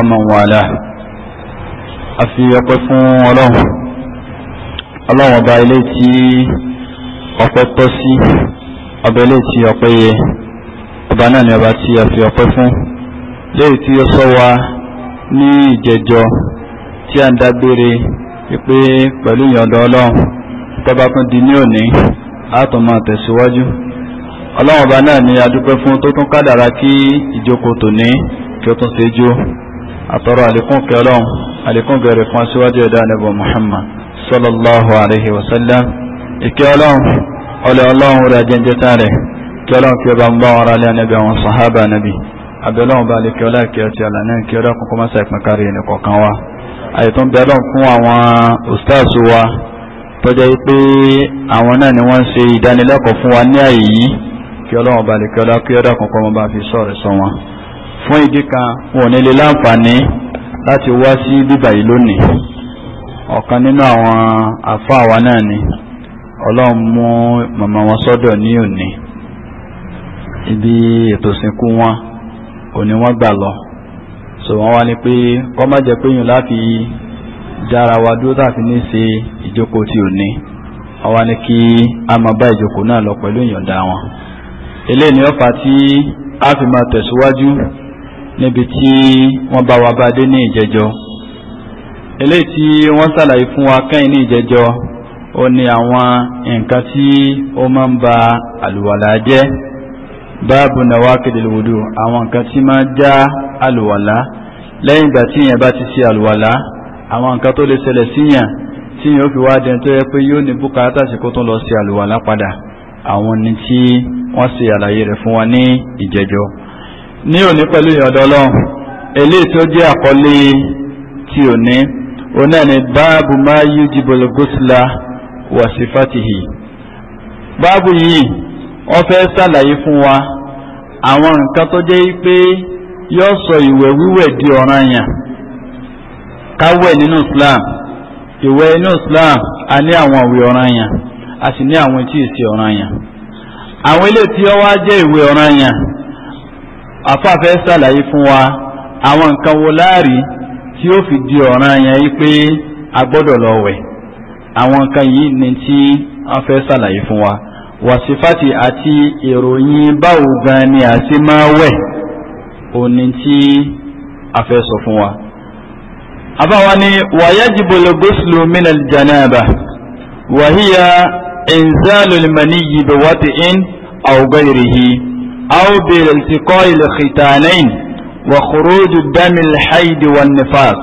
ọmọ wàhálà a fi ọpẹ́ fún ọlọ́run ọlọ́run ọba ilé tí ọpẹ́ tọ́ sí ọba ilé tí ọpẹ́ yẹ ọba náà ni ọba tí a fi ọpẹ́ fún léyìí tí ó sọ wa ní ìjẹjọ tí a ń dágbére wípé pẹ̀lú ìyọ̀dọ̀ ọlọ́run tọ́ba tún di ní òní a máa tẹ̀síwájú ọlọ́run ọba náà ni a dúpẹ́ fún tó tún kádàrá kí ìjókòó tòní kí ó tún ṣe jó àtọrọ àlékún kẹlọ́n àlékún gẹ̀rẹ̀ fún aṣíwájú ẹ̀dá ànábì Muhammad sallallahu alayhi wa sallam ìkẹ́ ọlọ́run ọlẹ́ ọlọ́run rẹ̀ jẹ́jẹ́ tààrẹ̀ kí ọlọ́run kí ọba ń bá ọ̀rọ̀ alẹ́ ànábì àwọn sàhábà ànábì abẹ́lọ́run bá lè kí ọlá kí ọtí àlànà kí ọlá kọ́kọ́ máa ṣàìpín kárí ẹnì kọ̀ọ̀kan wa àìtún bẹ́lọ́n fún àwọn ustaz wa tó jẹ́ pé àwọn náà ni wọ́n ń ṣe ìdánilẹ́kọ̀ọ́ fún wa ní àyè yìí kí bá lè kí ọlá kí kọ́kọ́ máa fi sọ̀rọ̀ sọ wọn. fún ìdí kan wọn ò ní lè láǹfààní láti wá sí bíbà yìí lónìí ọ̀kan nínú àwọn àfáà wa náà ni ọlọ́run mú màmá wọn sọ́dọ̀ ní òní ibi ètò ìsìnkú wọn òní wọn gbà lọ Sọ wọn wá ní pé kọ́ má jẹ́ pé yùn láti dára wa dúró tàbí ní ṣe ìjókòó tí ò ní wọ́n wá ní kí a máa bá ìjókòó náà lọ pẹ̀lú ìyọ̀ǹda wọn eléyìí ni ọ̀fà tí a fi máa tẹ̀síwájú. níbi tí wọ́n bá wa bá dé ní ìjẹjọ́ eléyìí tí wọ́n ṣàlàyé fún wa kẹ́yìn ní ìjẹjọ́ ó ní àwọn nǹkan tí ó máa ń ba àlùwàlà jẹ́ báàbù nawaqid alwudu àwọn nǹkan tí máa já àlùwàlà lẹ́yìn ìgbà tí èèyàn bá ti ṣe àlùwàlà àwọn nǹkan tó lè ṣẹlẹ̀ síyàn tí èèyàn ó fi wá dẹni tó yẹ pé yóò ní bùkátà sí kó tó lọ ṣe àlùwàlà padà àwọn ni tí wọ́n ṣe àlàyé rẹ̀ fún wa ní ìjẹjọ́ ní òní pẹ̀lú ìyọ̀dọ̀ ọlọ́run tó jẹ́ àkọlé ti òní òun náà ni báàbù máa yí jìbòlò gòsìlà wàsífàtìhì báàbù yìí wọ́n fẹ́ sàlàyé fún wa àwọn nǹkan tó jẹ́ pé yóò sọ ìwẹ̀ wíwẹ̀ di ọ̀ranyàn káwẹ̀ nínú Islam ìwẹ̀ inú Islam a ní àwọn ìwẹ̀ ọ̀ranyàn a sì ní àwọn tí ì sí ọ̀ranyàn àwọn ilé tí ó wá jẹ́ ìwẹ̀ ọ̀ranyàn àfàfẹ́ ṣàlàyé fún wa àwọn nǹkan wo láàrí tí ó fi di ọ̀ràn yẹn yí pé a gbọ́dọ̀ lọ wẹ̀ àwọn nǹkan yìí ni tí wọ́n fẹ́ ṣàlàyé fún wa wàsífàtì àti ìròyìn báwo gan ni àti máa wẹ̀ òní tí a fẹ́ sọ fún wa. àbáwa ni wàyájibul guslu minal janaba wàhíyà inzalul maniyyi biwati'in aw ghayrihi. أو بالالتقاء الختانين وخروج الدم الحيد والنفاس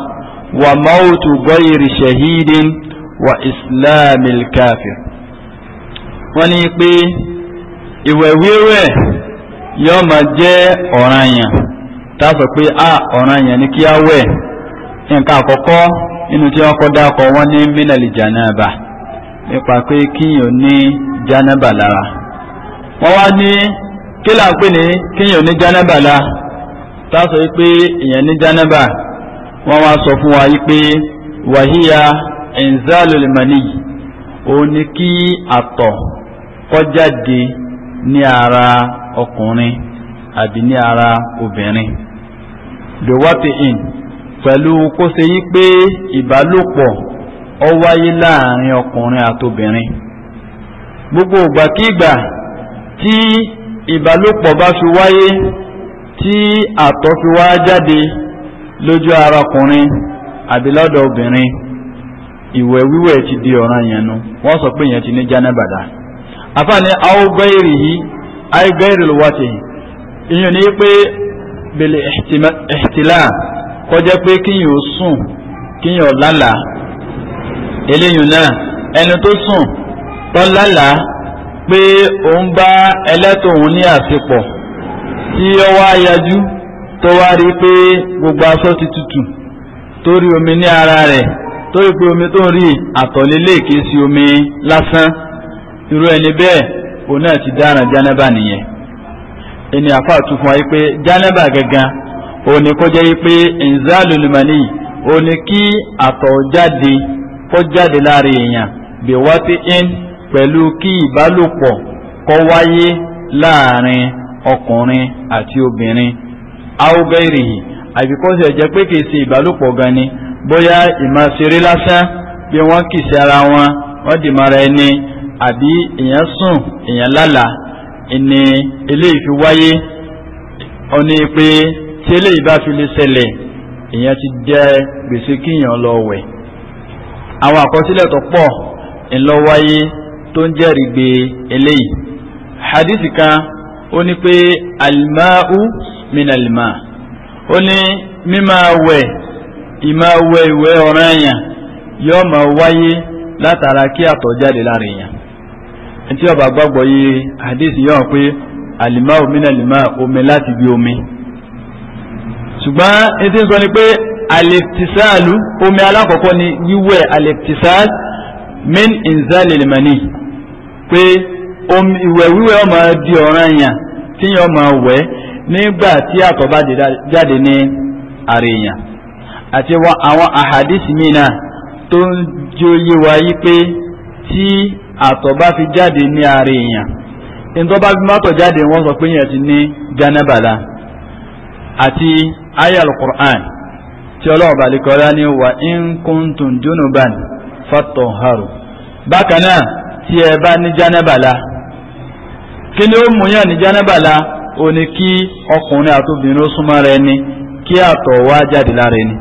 وموت غير شهيد وإسلام الكافر ونيقي ìwẹ̀wíwẹ̀ yóò máa jẹ́ ọ̀ranyàn tá a sọ pé a ọ̀ranyàn ni kí a wẹ̀ nǹkan àkọ́kọ́ nínú tí wọ́n kọ́ dákọ̀ wọ́n ní mínàlì jàǹdàbà nípa pé kíyàn ní jàǹdàbà lára wọ́n wá ní kí là ń pè ní kíyàn ní jánábà la tá a sọ pé ní jánábà wọ́n wá sọ fún wa pé wàhíya inzalul mani òun ni kí àtọ̀ kó ní ara ọkùnrin àbí ní ara obìnrin dòwátì in pẹ̀lú kó ṣe yí pé ìbálòpọ̀ ó wáyé láàrin ọkùnrin àtobìnrin gbogbo ìgbàkígbà tí ìbálòpọ̀ bá fi wáyé tí àtọ̀ fi wá jáde lójú ara ọkùnrin àbí lọ́dọ̀ obìnrin ìwẹ̀ wíwẹ̀ ti di ọ̀ràn yẹn nu wọ́n sọ pé yẹn ti ní jánẹ́bàdà àfààní àwògbẹ́rì yìí àìgbẹ́rì lọ́wọ́tì ìyẹn ni pé bèlè ẹ̀tìlá kọjá pé kíyìn ó sùn kíyìn ó lálàá eléyìí náà ẹni tó sùn tó lálàá pé òun bá ẹlẹ́tòun ní àṣepọ̀ tí ó wá yajú tó wá rí pé gbogbo aṣọ ti tutù tó rí omi ní ara rẹ̀ tó rí pé omi tó ń rí àtọ̀lélé kìí sí omi lásán irú ẹni bẹ́ẹ̀ òun náà ti dáràn jánábà nìyẹn ẹni àfáà tún fún wa yìí pé jánábà gangan òun ni kó jẹ́ yìí pé ǹzálùlùmọ́nì òun ni kí àtọ̀ jáde kó jáde láàrin èèyàn bí wọ́n ti ń pẹ̀lú kí ìbálòpọ̀ kó wáyé láàrin ọkùnrin àti obìnrin aobeirihi àbíkọ́sẹ̀ jẹ́ pé kìí ṣe ìbálòpọ̀ gan ni bóyá ìmọ̀ṣeré lásán bí wọ́n kì sí ara wọn wọ́n dì mọ́ra ẹni àbí èèyàn sùn èèyàn lálàá ẹni eléyìí fi wáyé ó ní pé tí eléyìí bá fi lè ṣẹlẹ̀ èèyàn ti jẹ́ gbèsè kíyàn lọ wẹ̀ àwọn àkọsílẹ̀ tó pọ̀ ńlọ wáyé tó ń jẹ́rìí gbé eléyìí hadith kan ó ní pé alimau minalima ó ní mímá wẹ̀ ìmá wẹ̀ ìwẹ̀ ọ̀ràn yẹn yóò máa wáyé látara kí àtọ̀ jáde lára èèyàn ẹtí ọba gbàgbọ́ yìí hadith yóò hàn pé alimau minalima omi láti bí omi ṣùgbọ́n etí ń sọ ni pé aleftisaalu omi alákọ̀ọ́kọ́ ni wíwẹ̀ aleftisaal min inzalil pé ìwẹ̀ wíwẹ̀ ọmọ di ọ̀ràn yàn tíyàn ọmọ wẹ̀ nígbà tí àtọ̀ bá jáde ní àríyàn àti àwọn àhàdìsí mìíràn tó ń jóyè wa yí pé tí àtọ̀ bá fi jáde ní àríyàn ìtọ́ bá fi mọ́tọ̀ jáde wọ́n sọ pé yẹn ti ní janabala àti ayal Qur'an tí ọlọ́run balẹ̀ kọ́lá ní wa in kuntum junuban haru bákan náà tí ẹ bá ní jánábàlá kí ni ó mú yàn ní jánábàlá ó ní kí ọkùnrin àtòbìnrin ó súnmọ́ rẹ ni kí àtọ̀ wá jáde lára ẹni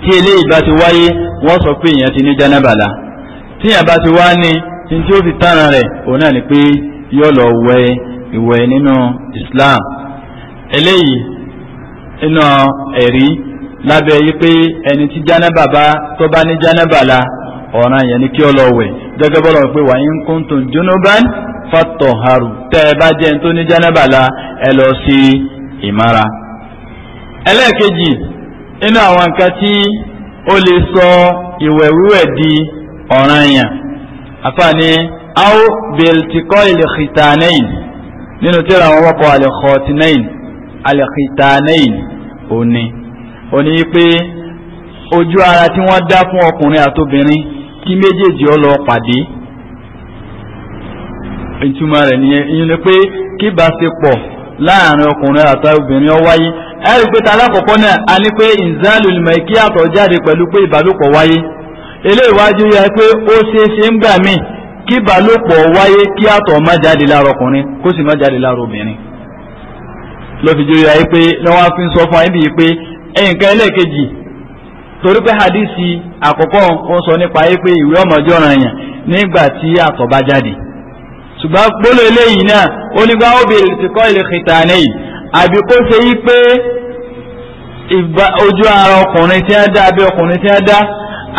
tí eléyìí bá ti wáyé wọ́n sọ pé èèyàn ti ní jánábàlá tíyàn bá ti wá ní ní tí ó fi tán rẹ̀ òun náà ni pé yóò lọ wẹ ìwẹ̀ nínú Islam eléyìí iná ẹ̀rí lábẹ́ yí pé ẹni tí jánábà bá tó bá ní jánábàlá ọ̀ràn yẹn ni kí ọ lọ wẹ̀ gẹ́gẹ́ bọ́lọ̀ pé wà in kuntum junuban fatọ̀haru tẹ́ ẹ bá jẹ́ tó ní jẹ́nẹ́bàlá ẹ lọ sí ìmára. ẹlẹ́ẹ̀kejì inú àwọn nǹkan tí ó lè sọ ìwẹ̀ wíwẹ̀ di ọ̀ràn yẹn àfààní aw biltikọ́ ilẹ̀kìtànẹ́yìn nínú tí ra wọ́pọ̀ alẹ́kọ̀ọ́tìnẹ́yìn alẹ́kìtànẹ́yìn òní òní pé ojú ara tí wọ́n dá fún ọkùnrin àtobìnrin kí méjèèjì ọ lọ pàdé ìtumọ̀ rẹ̀ nìyẹn ìyẹn ni pé kí ìbáṣepọ̀ láàrin ọkùnrin àti obìnrin ọ wáyé ẹ rí i pé tàlá àkọ́kọ́ náà a ní pé ìzálù ìmọ̀ kí àtọ̀ jáde pẹ̀lú pé ìbálòpọ̀ wáyé eléwájú yẹ pé ó ṣeé ṣe ń gbà míì kí ìbálòpọ̀ wáyé kí àtọ̀ má jáde lára ọkùnrin kó sì má jáde lára obìnrin lọ́fíjú yẹ pé lọ́wọ́ fi ń sọ fún ayébíyí pé ẹ̀yìn ẹlẹ́ẹ̀kejì torí pé hadisi àkọ́kọ́ ó sọ nípa yìí pé ìwé ọmọjọ́ ọ̀ràn yàn nígbà tí àtọ̀ bá jáde ṣùgbọ́n gbólò eléyìí náà ó ní bá obìnrin ti kọ́ ilé kìtàní yìí àbí kó ṣe yí pé ojú ara ọkùnrin tí wọ́n dá abẹ́ ọkùnrin tí wọ́n dá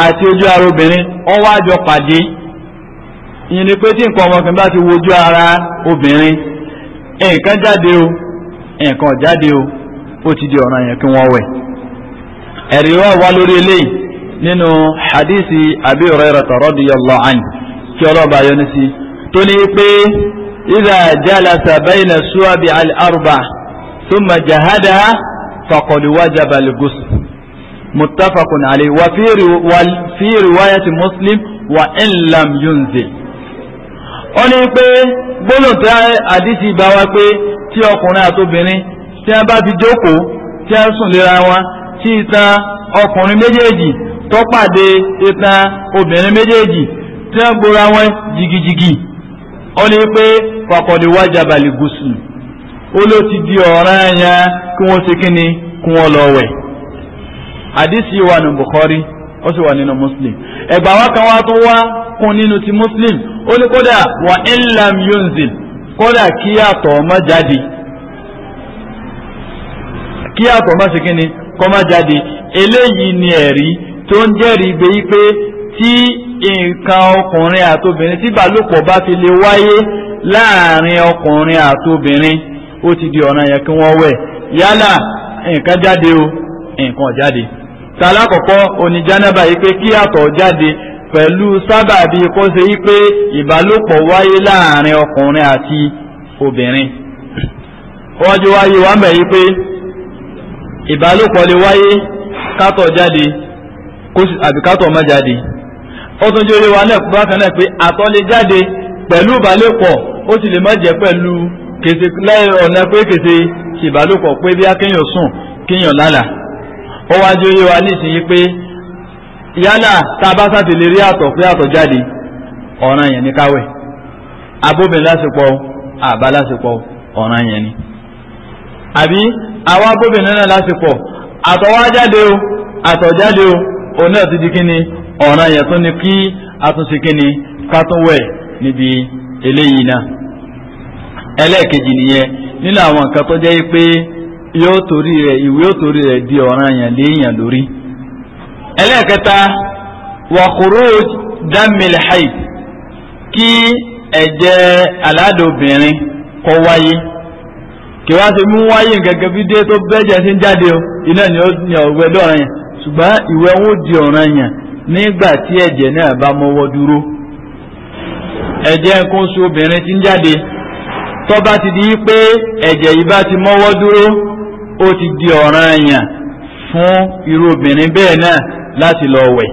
àti ojú ara obìnrin wọ́n wá jọ pàdé ìyẹn ni pé tí nǹkan ọmọkùnrin bá ti wo ojú ara obìnrin nǹkan jáde o nǹkan jáde o ó ti di ọ̀ràn yẹn kí wọ́n wẹ̀ ẹ̀rí wà wá lórí eléyìí nínú hadithi abi hurairata radiyallahu anhu kí ọlọ́ba yọ ní sí tó ní pé idha jalasa bayna suwabi al-arba thumma jahadaha faqad wajaba al-ghusl muttafaqun alayhi wa fi riwayati muslim wa in lam yunzil ó ní pé gbólóhùn tí bá wá pé tí ọkùnrin àtobìnrin tí wọ́n bá fi jókòó tí wọ́n sùn léra wọn sí itan ọkùnrin méjèèjì tó pàdé itan obìnrin méjèèjì tí wọ́n gbora wọn jìgìjìgì ó ní pé fàkọ̀dé wájà balẹ̀ gùsùn ó ló ti di ọ̀ràn ẹ̀yàn kí wọ́n ṣe kí ni kí wọ́n lọ wẹ̀ hadisi wà ní Bukhari ó sì wà nínú Muslim ẹ̀gbà wa kan wá tó wá kún nínú ti Muslim ó ní kódà wà ilam yunzil kódà kí ọmọ jáde kí ọmọ ṣe kí ni kọ́má jáde eléyìí ni ẹ̀rí tó ń jẹ́rìí gbé yí pé tí nǹkan ọkùnrin àtobìnrin tí ìbálòpọ̀ bá fi lè wáyé láàrin ọkùnrin àtobìnrin ó ti di ọ̀ràn yẹn kí wọ́n wẹ̀ yálà nǹkan jáde o nǹkan jáde tàlákọ̀kọ́ oní jánábà yìí pé kí àtọ̀ jáde pẹ̀lú sábàbí kó ṣe yí pé ìbálòpọ̀ wáyé láàrin ọkùnrin àti obìnrin wọ́n jọ wáyé wà ń pé ìbálòpọ̀ lè wáyé kátọ̀ jáde àbí kátọ̀ má jáde ó tún jẹ́ orí wa náà bákan náà pé àtọ̀ lè jáde pẹ̀lú ìbálòpọ̀ ó sì lè má jẹ́ pẹ̀lú kèsè lẹ́yìn ọ̀nà pé kèsè ìbálòpọ̀ pé bí akéèyàn sùn kéèyàn lálà ó wá jẹ́ orí wa nísìnyí pé yálà tá a bá sáti lè rí àtọ̀ pé àtọ̀ jáde ọ̀ràn yẹn ní káwẹ̀ abóbìnrin lásìpọ̀ àbá lásìpọ̀ ọ̀ràn yẹn ni àbí àwa bóbìnrin náà láti pọ̀ àtọ̀wájáde o àtọ̀jáde o òun náà ti di kíni ọ̀ràn yẹn tún ni kí a tún ṣe kíni ká tún wẹ̀ níbi eléyìí náà ẹlẹ́ẹ̀kejì nìyẹn nínú àwọn nǹkan tó jẹ́ pé yóò torí rẹ̀ ìwé yóò torí rẹ̀ di ọ̀ràn yẹn léèyàn lórí ẹlẹ́ẹ̀kẹta wa khuruj dammil hayd kí ẹ̀jẹ̀ aládòbìnrin kó wáyé. kí wá ṣe mú wáyé nkankan bí dé tó bẹ́jẹ̀ sí ń jáde o iná ni ó ní ọ̀wẹ́ lọ́ràn yẹn ṣùgbọ́n wọn di ọ̀ràn yẹn nígbà tí ẹ̀jẹ̀ náà bá mọ́wọ́ dúró ẹ̀jẹ̀ nǹkan oṣù obìnrin ti ń jáde ti di pé ẹ̀jẹ̀ yìí bá ti mọ́wọ́ dúró ti di ọ̀ràn yẹn fún irú obìnrin bẹ́ẹ̀ náà láti lọ wẹ̀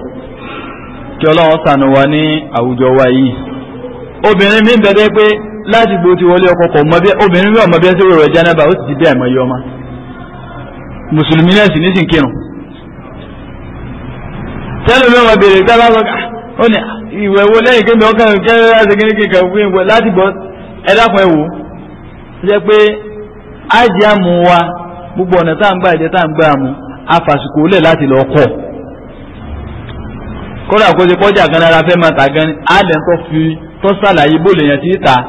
kí ọlọ́run wa ní àwùjọ wa yìí obìnrin láti gbó ti wọlé ọkọ kọ mọ bí obìnrin bí ọmọ bí ẹsẹ wẹrẹ jánábà ó sì ti bí àìmọye ọmọ mùsùlùmí náà sì nísìn kírun. tẹ́lẹ̀ mi wọn béèrè gbára ah, ó ní ah, ìwẹ̀ wo lẹ́yìn kébi ọkàn kẹ́rẹ́ fún ìwẹ̀ láti bọ́ ẹ dákun ẹ wò ó jẹ́ pé àmú wa gbogbo ọ̀nà jẹ́ tá à ń gbà mú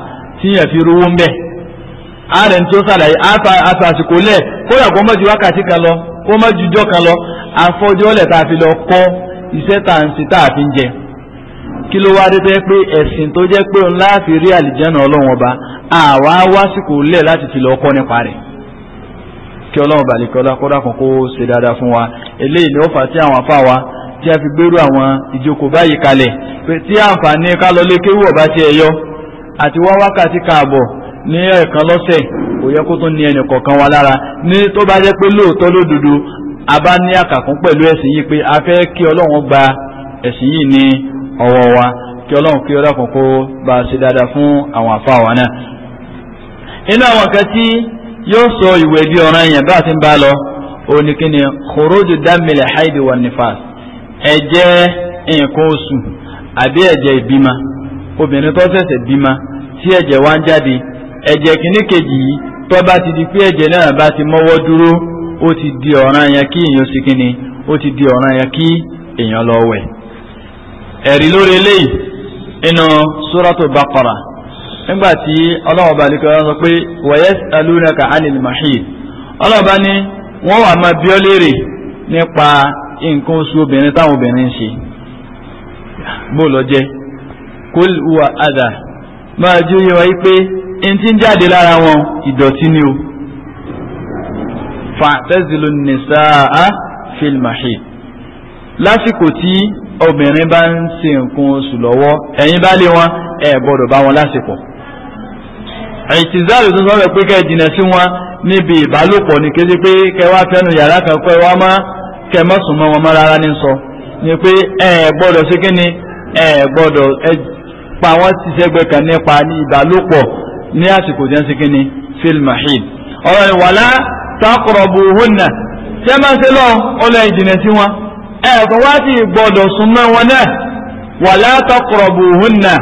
tíyàn fi rówó ń bẹ̀ ààrẹ tó ṣàlàyé àfàsìkò lẹ̀ kódà kó má ju wákàtí kan lọ kó má ju jọ́ kan lọ àfọjọ́lẹ̀ tá a fi lọ kọ́ iṣẹ́ tá à ń ṣe tá a fi ń jẹ kí ló wá dé tó yẹ pé ẹ̀sìn tó jẹ́ pé ńlá fi rí àlìjẹ́nà ọlọ́run ọba àwa wásìkò lẹ̀ láti fi lọ kọ́ nípa rẹ̀ kí ọlọ́run bàlíkẹ́ ọlákọ́dá kan kó ṣe dáadáa fún wa eléyìí ni ó fà á àwọn afá tí a fi gbérú àwọn ìjókòó báyìí kalẹ̀ tí àǹfààní ká lé kéwú ọba tí yọ àti wá wákàtí káàbọ̀ ní ẹ̀ẹ̀kan lọ́sẹ̀ kò yẹ kó tún ní ẹnì kọ̀ọ̀kan wa lára ní tó bá jẹ́ pé lóòótọ́ lódodo a bá ní àkàkún pẹ̀lú ẹ̀sìn yìí pé a fẹ́ kí ọlọ́run gba ẹ̀sìn yìí ní ọwọ́ wa kí ọlọ́run kí ọlọ́run kò bá a ṣe dáadáa fún àwọn àfa wa náà. inú àwọn nǹkan tí yóò sọ ìwé di ọ̀ràn yẹn bá a ti ń bá lọ òní kí ni kòrójù dámìlẹ̀ haidi wa nifas ẹ̀jẹ̀ nǹkan oṣù àbí ẹ̀jẹ̀ ìbímọ obìnrin tó bima bímọ tí ẹ̀jẹ̀ wá ń jáde ẹ̀jẹ̀ kìíní kejì yìí tó bá ti di pé ẹ̀jẹ̀ náà bá ti mọ́wọ́ dúró ó ti di ọ̀ràn yẹn kí èèyàn ṣe kíni ó ti di ọ̀ràn yẹn kí lọ wẹ̀. ẹ̀rí lórí eléyìí inú nígbà tí ọlọ́wọ́ bá kul huwa adha máa jó yẹ wáyé pé ẹni tí ń jáde lára wọn ìdọ̀tí ni o fa'tazilu nisaa fil mahid lásìkò tí obìnrin bá ń ṣe nǹkan oṣù lọ́wọ́ ẹ̀yin bá lé wọn ẹ̀ gbọ́dọ̀ bá wọn lásìkò ìtìzáàlù tó sọ́rọ̀ pé kẹ́ jìnà sí wọn níbi ìbálòpọ̀ ní kété pé kẹwàá fẹ́nu yàrá kan kọ́ ẹwà má kẹmọ́sùn mọ́ wọn mọ́ rárá ní sọ ni pé ẹ gbọ́dọ̀ sí kí ni ẹ gbọ́dọ̀ pa wọ́n sì sẹ́gbẹ́ kan nípa ní ìbálòpọ̀ ní àsìkò tí wọ́n ṣe kí ni fil mahid ọ̀rọ̀ ìwàlá taqrabuhunna tí a máa ń ṣe lọ ọlọ́ ìjìnà sí wọn ẹ̀ẹ̀kan wá sí gbọ́dọ̀ súnmọ́ wọn náà wàlá taqrabuhunna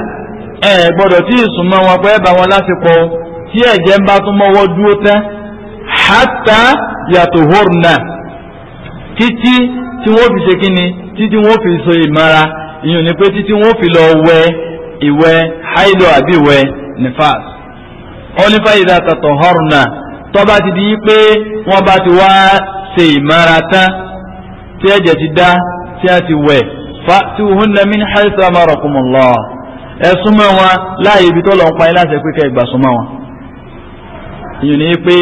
ẹ̀ gbọ́dọ̀ tí ìsúnmọ́ wọn pẹ́ bá wọn lásìkò tí ẹ̀jẹ̀ ń bá tún mọ́wọ́ dúró tán hatta yatuhurna títí tí wọ́n fi ṣe kíni títí wọ́n fi so ìmara ìyẹn títí wọ́n fi lọ wẹ̀ ìwẹ̀ haido àbí ìwẹ̀ nifas ó ní fàyídà tọ̀tọ̀ họ́rùnà tọ́ba ti di pé wọ́n bá ti wá ṣe ìmára tán tí ẹ̀jẹ̀ ti dá tí a ti wẹ̀ fa tí òhun náà min haythu amarakumullah ẹ súnmọ́ wọn láàyè ibi tó lọ ń pa yín láti pé kẹ́ ìgbà súnmọ́ wọn. ìyẹn ni pé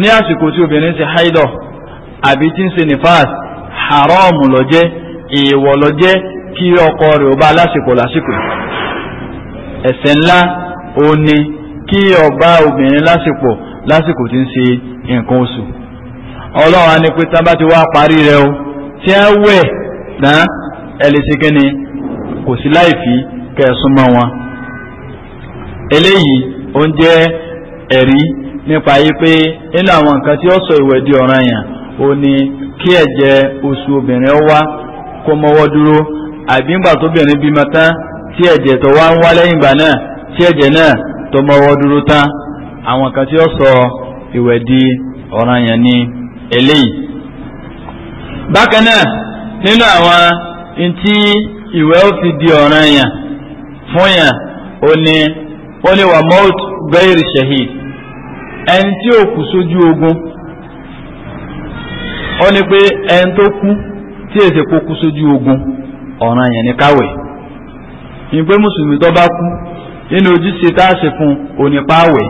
ní àsìkò tí obìnrin ṣe haido àbí tí ń ṣe nifas haram ló jẹ́ èèwọ̀ ló jẹ́ kí ọkọ rẹ̀ ó bá lásìkò lásìkò. ese ńlá òun ni kí ọba obìnrin lásìkò lásìkò tí ń ṣe nǹkan oṣù ọlọ́run á ní pé tábà bá ti wá parí rẹ o tí ẹ wẹ̀ tán ẹ lè ṣe kí ni kò sí láì fi kẹsùn mọ́ wọn. eléyìí ó ń jẹ́ ẹ̀rí nípa yí pé nínú àwọn nǹkan tí ó tí ẹ̀jẹ̀ tó wá ń wá lẹ́yìn ìgbà náà tí ẹ̀jẹ̀ náà tó mọ́wọ́ dúró tán àwọn kan tí di ọ̀ranyàn ní eléyìí. bákan náà nínú àwọn ntí iwe ó fi di ọ̀ranyàn fún yàn ó ní ó ní wà mọ́ọ̀tù gbẹ́rì ṣẹ̀hìd ẹni tí ó ogun ó ní pé ẹni tó kú tí èsè kó kú ogun ọ̀ranyàn ní káwẹ̀. ní pé mùsùlùmí tó bá kú nínú ojúṣe tá a ṣe fún onípa àwẹ̀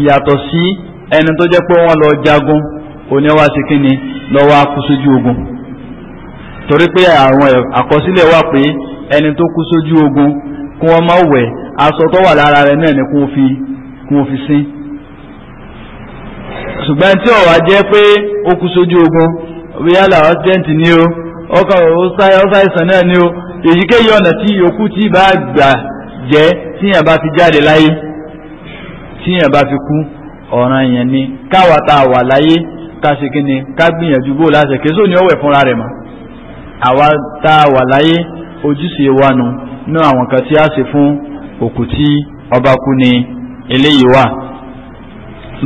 ìyàtọ̀ sí ẹni tó jẹ́ pé wọ́n lọ jagun oní wa ṣe kíni lọ́wọ́ akú sójú ogun torí pé àwọn àkọsílẹ̀ wà pé ẹni tó kú sójú ogun kí wọ́n má wẹ̀ aṣọ tó wà lára rẹ̀ náà ni kí wọ́n fi kí wọ́n fi sín ṣùgbọ́n tí ọ̀wà jẹ́ pé ó kú sójú ogun bí yálà ni o ọkọ̀ ọ̀sáìsàn náà ni o èyíkéyìí ọ̀nà tí yòókù tí bá gbà jẹ́ tíyàn bá fi jáde láyé tíyàn bá fi kú ọ̀ràn yẹn ni káwa tá a wà láyé ká ṣe kí ni ká gbìyànjú bó láṣẹ kí sóòní ọwẹ́ fúnra rẹ̀ mọ́ àwa tá a wà láyé ojúṣe wa nu ní àwọn kan tí a ṣe fún òkú tí ọba kú ni eléyìí wà.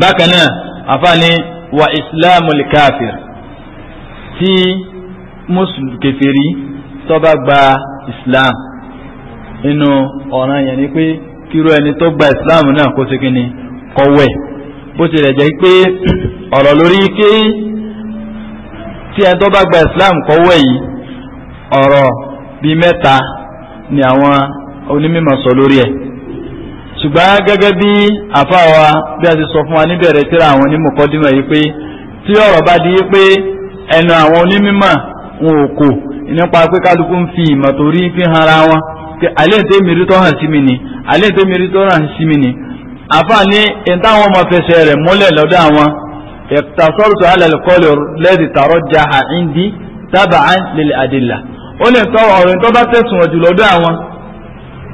bákan náà àfààní wa islamul kafir tí mùsùlùmí kèfèrí tó bá gba islam nínú ọ̀ràn yẹn ni pé kíru ẹni tó gba islam náà kó ṣe kíni kọ́wẹ̀ bó tilẹ̀ jẹ́ pé ọ̀rọ̀ lórí ké tí ẹni tó bá gba islam kọ́wẹ̀ yìí ọ̀rọ̀ bíi mẹ́ta ni àwọn onímọ̀ sọ lórí ẹ̀ ṣùgbọ́n gẹ́gẹ́ bí àfáwa bí a ti sọ fún wa níbẹ̀rẹ̀ tíra àwọn onímọ̀ kọ́dúnmọ̀ yìí pé tí ọ̀rọ̀ bá di pé ẹnu àwọn onímọ̀ wọn ò kò nípa pé kálukú ń fi ìmọ̀ tó rí fi hàn ara wọn pé àlẹ́ tó mìírí tó hàn sí mi ni àlẹ́ tó mìírí tó hàn sí mi ni àfààní ìtàwọn ọmọ fẹsẹ̀ rẹ̀ múlẹ̀ lọ́dọ̀ àwọn ìtàsọ́rùsọ alẹ́lẹ́kọ́lù lẹ́dí tààrọ́ ja ha ndí tábà á lè àdìlà ó lè sọ ọ̀rọ̀ tó bá tẹ̀sùn ọ̀jù lọ́dọ̀ àwọn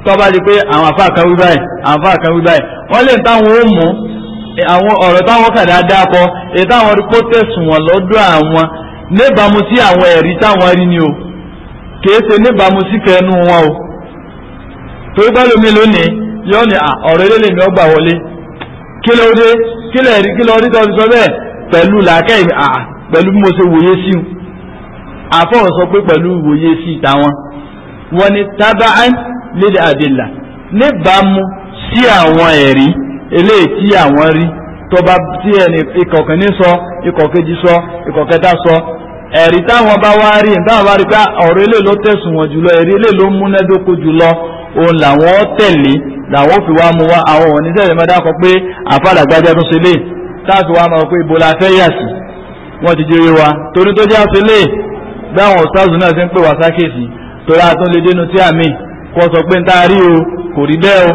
tó bá di pé àwọn àfa kan wí báyìí àwọn àfa kan wí báyìí wọ́n lè táwọn ó mú àwọn ọ̀rọ̀ táwọn kàdá dáa èyí táwọn rí kó wọn lọ́dọ̀ àwọn níbàámu sí àwọn ẹ̀rí táwọn rí ni o kìí ṣe níbàámu sí kẹnu wọn o torí pẹ́ lómi lónìí yọ ni ọ̀rọ̀ eléyìí mi ọgbà wọlé kí ló dé kí lè rí kí lọ rí tọ́jú sọ bẹ́ẹ̀ pẹ̀lú làákẹ́ ìmì àà pẹ̀lú bí mo ṣe wòye sí i àfọ̀rọ̀ sọ pé pẹ̀lú wòye sí i wọn ni tábàán lédè àdìlà níbàámu sí àwọn ẹ̀rí eléyìí tí àwọn rí tó tí ẹnì ikọ̀ sọ ikọ̀ sọ ikọ̀ sọ ẹ̀rí táwọn bá wá rí nígbà wá rí pé ah, ọ̀rọ̀ ilé ló tẹ̀sùn wọn jùlọ ẹ̀rí ilé ló múnádóko jùlọ òun làwọn tẹ̀lé làwọn fi wá mu wá àwọn òní tẹ̀lé mẹ́ta kọ pé àfàlàgbájá tó ṣe lé táàfin wá máa pé ibola fẹ́ yà sí wọ́n ti jẹ́ wa torí tó já ṣe lé bí àwọn ọ̀sáàzù náà ṣe ń pè wá sákèsì torí àtún lè dénú tí àmì kò sọ pé ń tá a rí o kò rí bẹ́ẹ̀ o.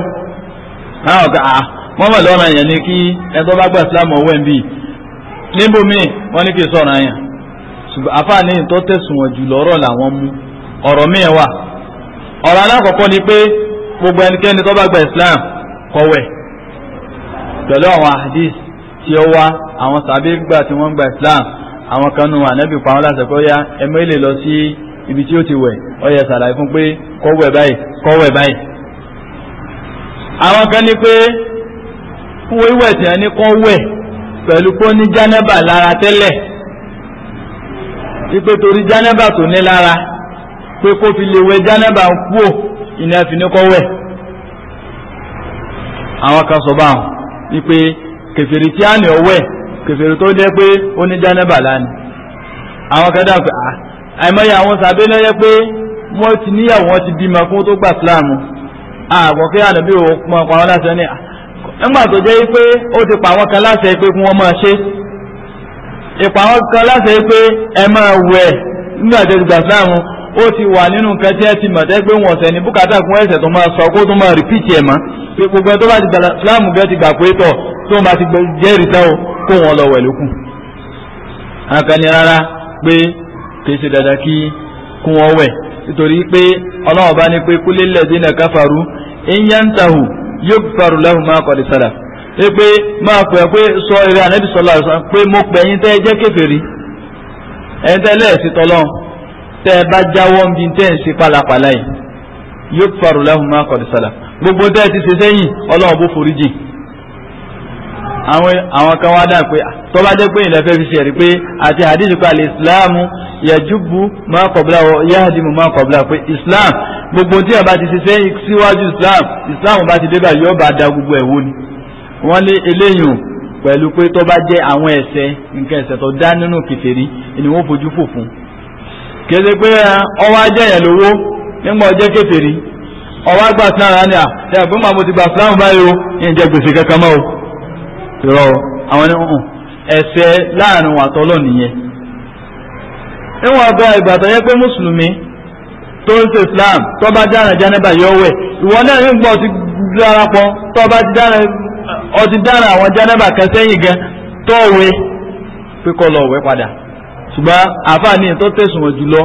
àwọn ah, ọ̀gá à mọ̀ lọ́rọ̀ yẹn ni kí ẹni tó bá gbà sílámù ọ̀wẹ́ ń bì níbo míì wọ́n ní kí sọ̀rọ̀ yẹn ṣùgbọ́n àfààní tó tẹ̀sùn wọn jù lọ́rọ̀ làwọn mú ọ̀rọ̀ míì wà ọ̀rọ̀ alákọ̀ọ́kọ́ ni pé gbogbo ẹnikẹ́ni tó bá gba Islam kọ̀wẹ̀ pẹ̀lú àwọn hadith tí ó wá àwọn sàbí gbà tí wọ́n gba Islam àwọn kan nu ànábì pa wọn láṣẹ pé ó yá ẹmọ́ ilé lọ sí ibi tí ó ti wẹ̀ ó yẹ sàlàyé fún pé kọ̀wẹ̀ báyìí kọ̀wẹ̀ báyìí àwọn kan ní pé fún wíwẹ̀ tí wọ́n ní kọ́ wẹ̀ pẹ̀lú kó ní lára tẹ́lẹ̀ wípé torí jánábà tó ní lára pé kó fi lè wẹ jánábà ń kúò ìní àfi ní kọ́wẹ̀ àwọn kan sọ báwọn wípé kẹfìrì tí a ní ọwẹ́ kẹfìrì tó jẹ́ pé ó ní jánábà lánìí àwọn kan dáhùn pé àìmọye àwọn sàbẹ̀ náà yẹ pé wọ́n ti níyàwó wọn ti bímọ kó tó gbà síláàmù àgbọ̀kẹ́ àdàbí òun pọn àwọn láṣẹ ní nígbà tó jẹ́ pé ó ti pa àwọn kan láṣẹ pé kí wọ́n máa ṣe ìpàwọ́ kan láti pé ẹ máa wẹ̀ nígbà tẹ́ ti gbà sáàmù ó ti wà nínú nǹkan tí ẹ ti mọ̀ tẹ́ pé wọ́n sẹ́ni bùkátà fún ẹ̀sẹ̀ tó máa sọ kó tó máa rìpíìtì ẹ̀ mọ́ pé gbogbo ẹ tó bá ti gbà sáàmù bẹ́ẹ̀ ti gbà pé tọ̀ tó máa ti jẹ́rìí tán o kó wọn lọ wẹ̀ lókun. àkànni rárá pé kì í ṣe dandan kí kó wọn wẹ̀ nítorí pé ọlọ́run bá ní pé kúlélẹ̀ dínà káfàrú ìyáǹtàhù yóò farù láhùn máa kọ́ pé máa pè pé sọ eré ànábì sọlá rẹ sọ pé mo pè ẹ̀yin tẹ́ ẹ jẹ́ kèfèrí ẹ̀yin tẹ́ lẹ́ẹ̀sì tọ́lọ́ tẹ́ ẹ bá jáwọ́ ń bi tẹ́ ẹ̀ ń ṣe pálapàla yìí yóò farò lẹ́hùn máa kọ̀ dísàlà gbogbo tẹ́ ẹ ti ṣe sẹ́yìn ọlọ́run bó forí jì àwọn kan wá dáa pé tọ́ba jẹ́ pé ìlẹ̀ fẹ́ fi ṣe rí pé àti hadith pa àlè islam yajubu máa kọ̀bílà wọ yahadimu máa kọ̀bílà pé islam gbogbo tí a ti ṣe sẹ́yìn síwájú islam islam bá ti débà yóò bá da gbogbo ẹ̀ wó wọ́n lé eléyìn pẹ̀lú pé tó bá jẹ́ àwọn ẹ̀ṣẹ̀ nǹkan ẹ̀ṣẹ̀ tó dá nínú kèfèrí ni wọ́n fojú fò fún kéde pé ọwọ́ ajẹ́yẹ̀ lówó nígbà ọwọ́ ni à o ìjẹ gbèsè kankan mọ́ o ìrọ̀ àwọn láàrin nìyẹn níwọ̀n ọgbà ìgbà tó yẹ pé mùsùlùmí tó ń ṣe Islam tó bá dára jẹ́ níbà ọ ti dára àwọn jánábà kan sẹ́yìn gan tọ́wé pé kọ́ lọ wẹ̀ padà ṣùgbọ́n àfààní tó tẹ̀sùn jùlọ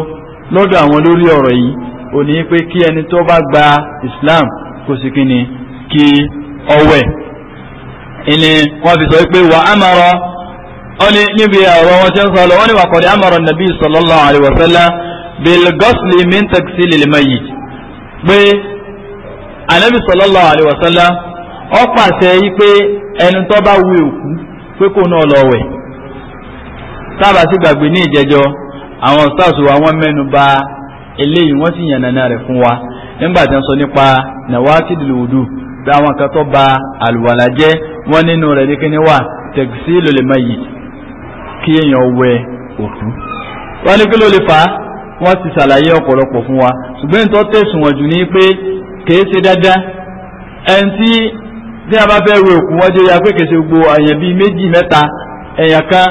lọ́dọ̀ àwọn lórí ọ̀rọ̀ yìí ò ní pé kí ẹni tó bá gba Islam kò sì kí ni kí ọwẹ́ ìní wọ́n fi sọ pé wà á máa rọ ọ ní níbi ọ̀rọ̀ wọn ṣe ń sọ lọ wọ́n ní wà kọ̀dé àmọ̀rọ̀ nàbí sallallahu alaihi wasallam bil ghusli min taghsilil mayyit pé ànábì sallallahu alaihi wasallam ó pàṣẹ yí pé ẹnu tó bá wẹ òkú pé kó náà lọ wẹ̀ sábà sí gbàgbé ní ìjẹjọ àwọn stars wa wọ́n mẹ́nu bà eléyìí wọ́n sì yànnàna rẹ̀ fún wa nígbà tí wọ́n sọ nípa nawakidul wudu bí àwọn kan tó bà àlùwàlà jẹ́ wọ́n nínú rẹ̀ ní kíní wà tagsilul mayyit kí èèyàn wẹ òkú wọ́n ní kí ló lè fà á wọ́n ti ṣàlàyé ọ̀pọ̀lọpọ̀ fún wa ṣùgbọ́n ìtọ́ tẹ̀sùn wọn jù ní pé kèé ṣe dáadáa ẹni tí bí a bá fẹ́ ro òkú wọn jẹ́ ya pé kèsì gbogbo àyàn bíi méjì mẹ́ta ẹ̀yàn kan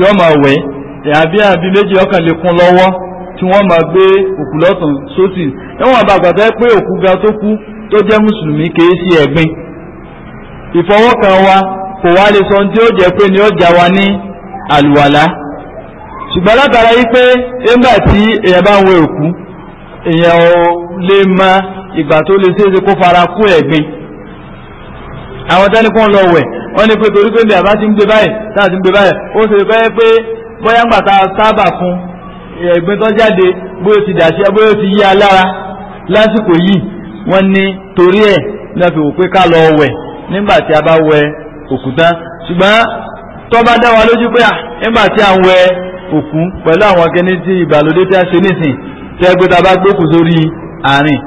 yọ máa wẹ̀ ẹ̀yàn bíi àbí méjì ọkàn lè kún lọ́wọ́ tí wọ́n máa gbé òkú lọ́tún sósì ẹ̀wọ̀n àbàgbàtà pé òkú ga tó kú tó jẹ́ mùsùlùmí kìí sí ẹ̀gbin ìfọwọ́kàn wa kò wá lè sọ tí ó jẹ́ pé ni ó já wa ní àlùwàlá ṣùgbọ́n látara yí pé nígbà tí èèyàn bá ń wẹ̀ òkú èèyàn ò lè mọ ìgbà tó lè ṣeéṣe kó fara kú àwọn tẹ́ni kún lọ wẹ̀ wọ́n ní pé torí pé bí àbá ti ń gbé báyìí táà ti ń gbé báyìí ó ṣe fẹ́ pé bóyá ńgbà tá a sábà fún ẹ̀gbin tó jáde bóyá ó ti dàṣẹ́ bóyá ti yí alára lásìkò yìí wọ́n ní torí ẹ̀ ní wọ́n fi wò pé ká lọ wẹ̀ nígbà tí a bá wẹ òkú tán tó bá dá wa lójú pé nígbà tí a ń wẹ òkú pẹ̀lú àwọn akẹ́ni tí ìgbàlódé tí a ṣe nísìn tẹ́gbẹ́ta bá gbókù sórí àárín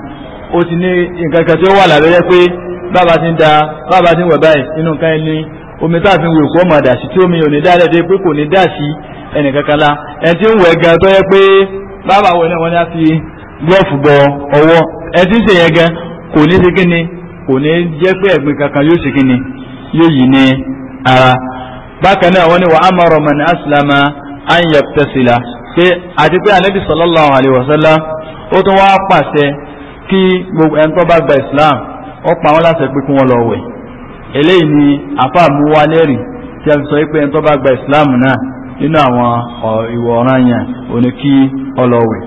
ó ti ní nǹkan kan tí ó wà lábẹ́rẹ́ pé bàbá ti ń da bàbá ti ń wẹ̀ báyìí nínú nǹkan ẹni omi tá a fi ń wẹ̀ kó ọmọ àdàsí tí omi ò ní dáadẹ́ dé pé kò ní dàsí ẹnì kankan la ẹni tí ń wẹ̀ gan tó yẹ pé bàbá wẹ̀ náà wọ́n ní á fi gílọ́ọ̀fù bọ ọwọ́ ẹni tí ń ṣèyẹn gan kò ní ṣe kíni kò ní jẹ́ pé ẹ̀gbin kankan yóò ṣe kíni yóò yí ní ara bákan náà wọ́n ní wa amara man aslama an yabtasila pé àti pé anabi sallallahu alayhi wa sallam ó tún wá pàṣẹ kí gbogbo ẹni bá gba islam ó pa wọ́n láṣẹ pé kí wọ́n lọ wẹ̀ eléyìí ni àfàmú wa lẹ́rìí tí a fi sọ pé tó bá gba islam náà nínú àwọn ìwọ̀ ọ̀ràn yẹn òní kí ọlọ́wẹ̀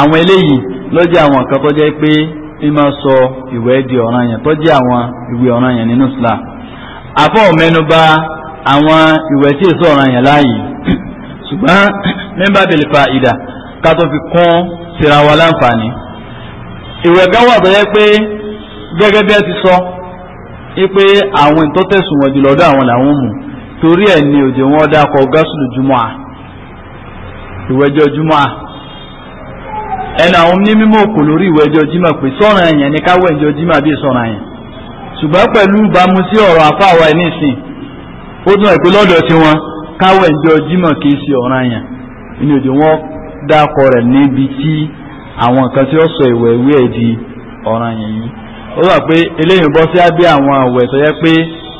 àwọn eléyìí ló jẹ́ àwọn kan tó jẹ́ pé mímọ́ sọ ìwẹ̀ di ọ̀ràn yẹn tó jẹ́ àwọn ìwé ọ̀ràn yẹn nínú islam àfọ̀ mẹ́nubà àwọn ìwẹ̀ tí èso ọ̀ràn láàyè ṣùgbọ́n mẹ́mbà bèlè fa ìdà ká tó fi kún síra wa láǹfààní ìwẹ̀ kan wà tó jẹ́ pé gẹ́gẹ́ bí ẹ ti sọ wípé àwọn tó tẹ̀sùn wọn jùlọ ọdọ àwọn làwọn mú torí ẹ̀ ní òjò wọn dákọ gásùlù jùmọ̀ à ìwẹ́jọ́ jùmọ̀ à ẹnu àwọn ní mímọ́ òkò lórí ìwẹ́jọ́ jùmọ̀ pé sọ̀rọ̀ ẹ̀yàn ní káwọ́ ẹ̀jọ́ jùmọ̀ àbí sọ̀rọ̀ ẹ̀yàn ṣùgbọ́n pẹ̀lú ìbámu sí ọ̀rọ̀ àfáwọ̀ ẹ̀ nísìn ó dún ẹ̀pẹ́ lọ́dọ̀ tí wọn káwọ́ ẹ̀jọ́ jùmọ̀ kì í ṣe ọ̀rọ̀ ẹ̀yàn ní òjò wọn dákọ rẹ̀ níbi tí àwọn kan tí ó sọ ìwẹ̀ ìwé ẹ̀ di ọ̀rọ̀ ẹ̀yàn yìí ó wà pé eléyìí bọ́ sí abẹ́ àwọn àwẹ̀ tó yẹ pé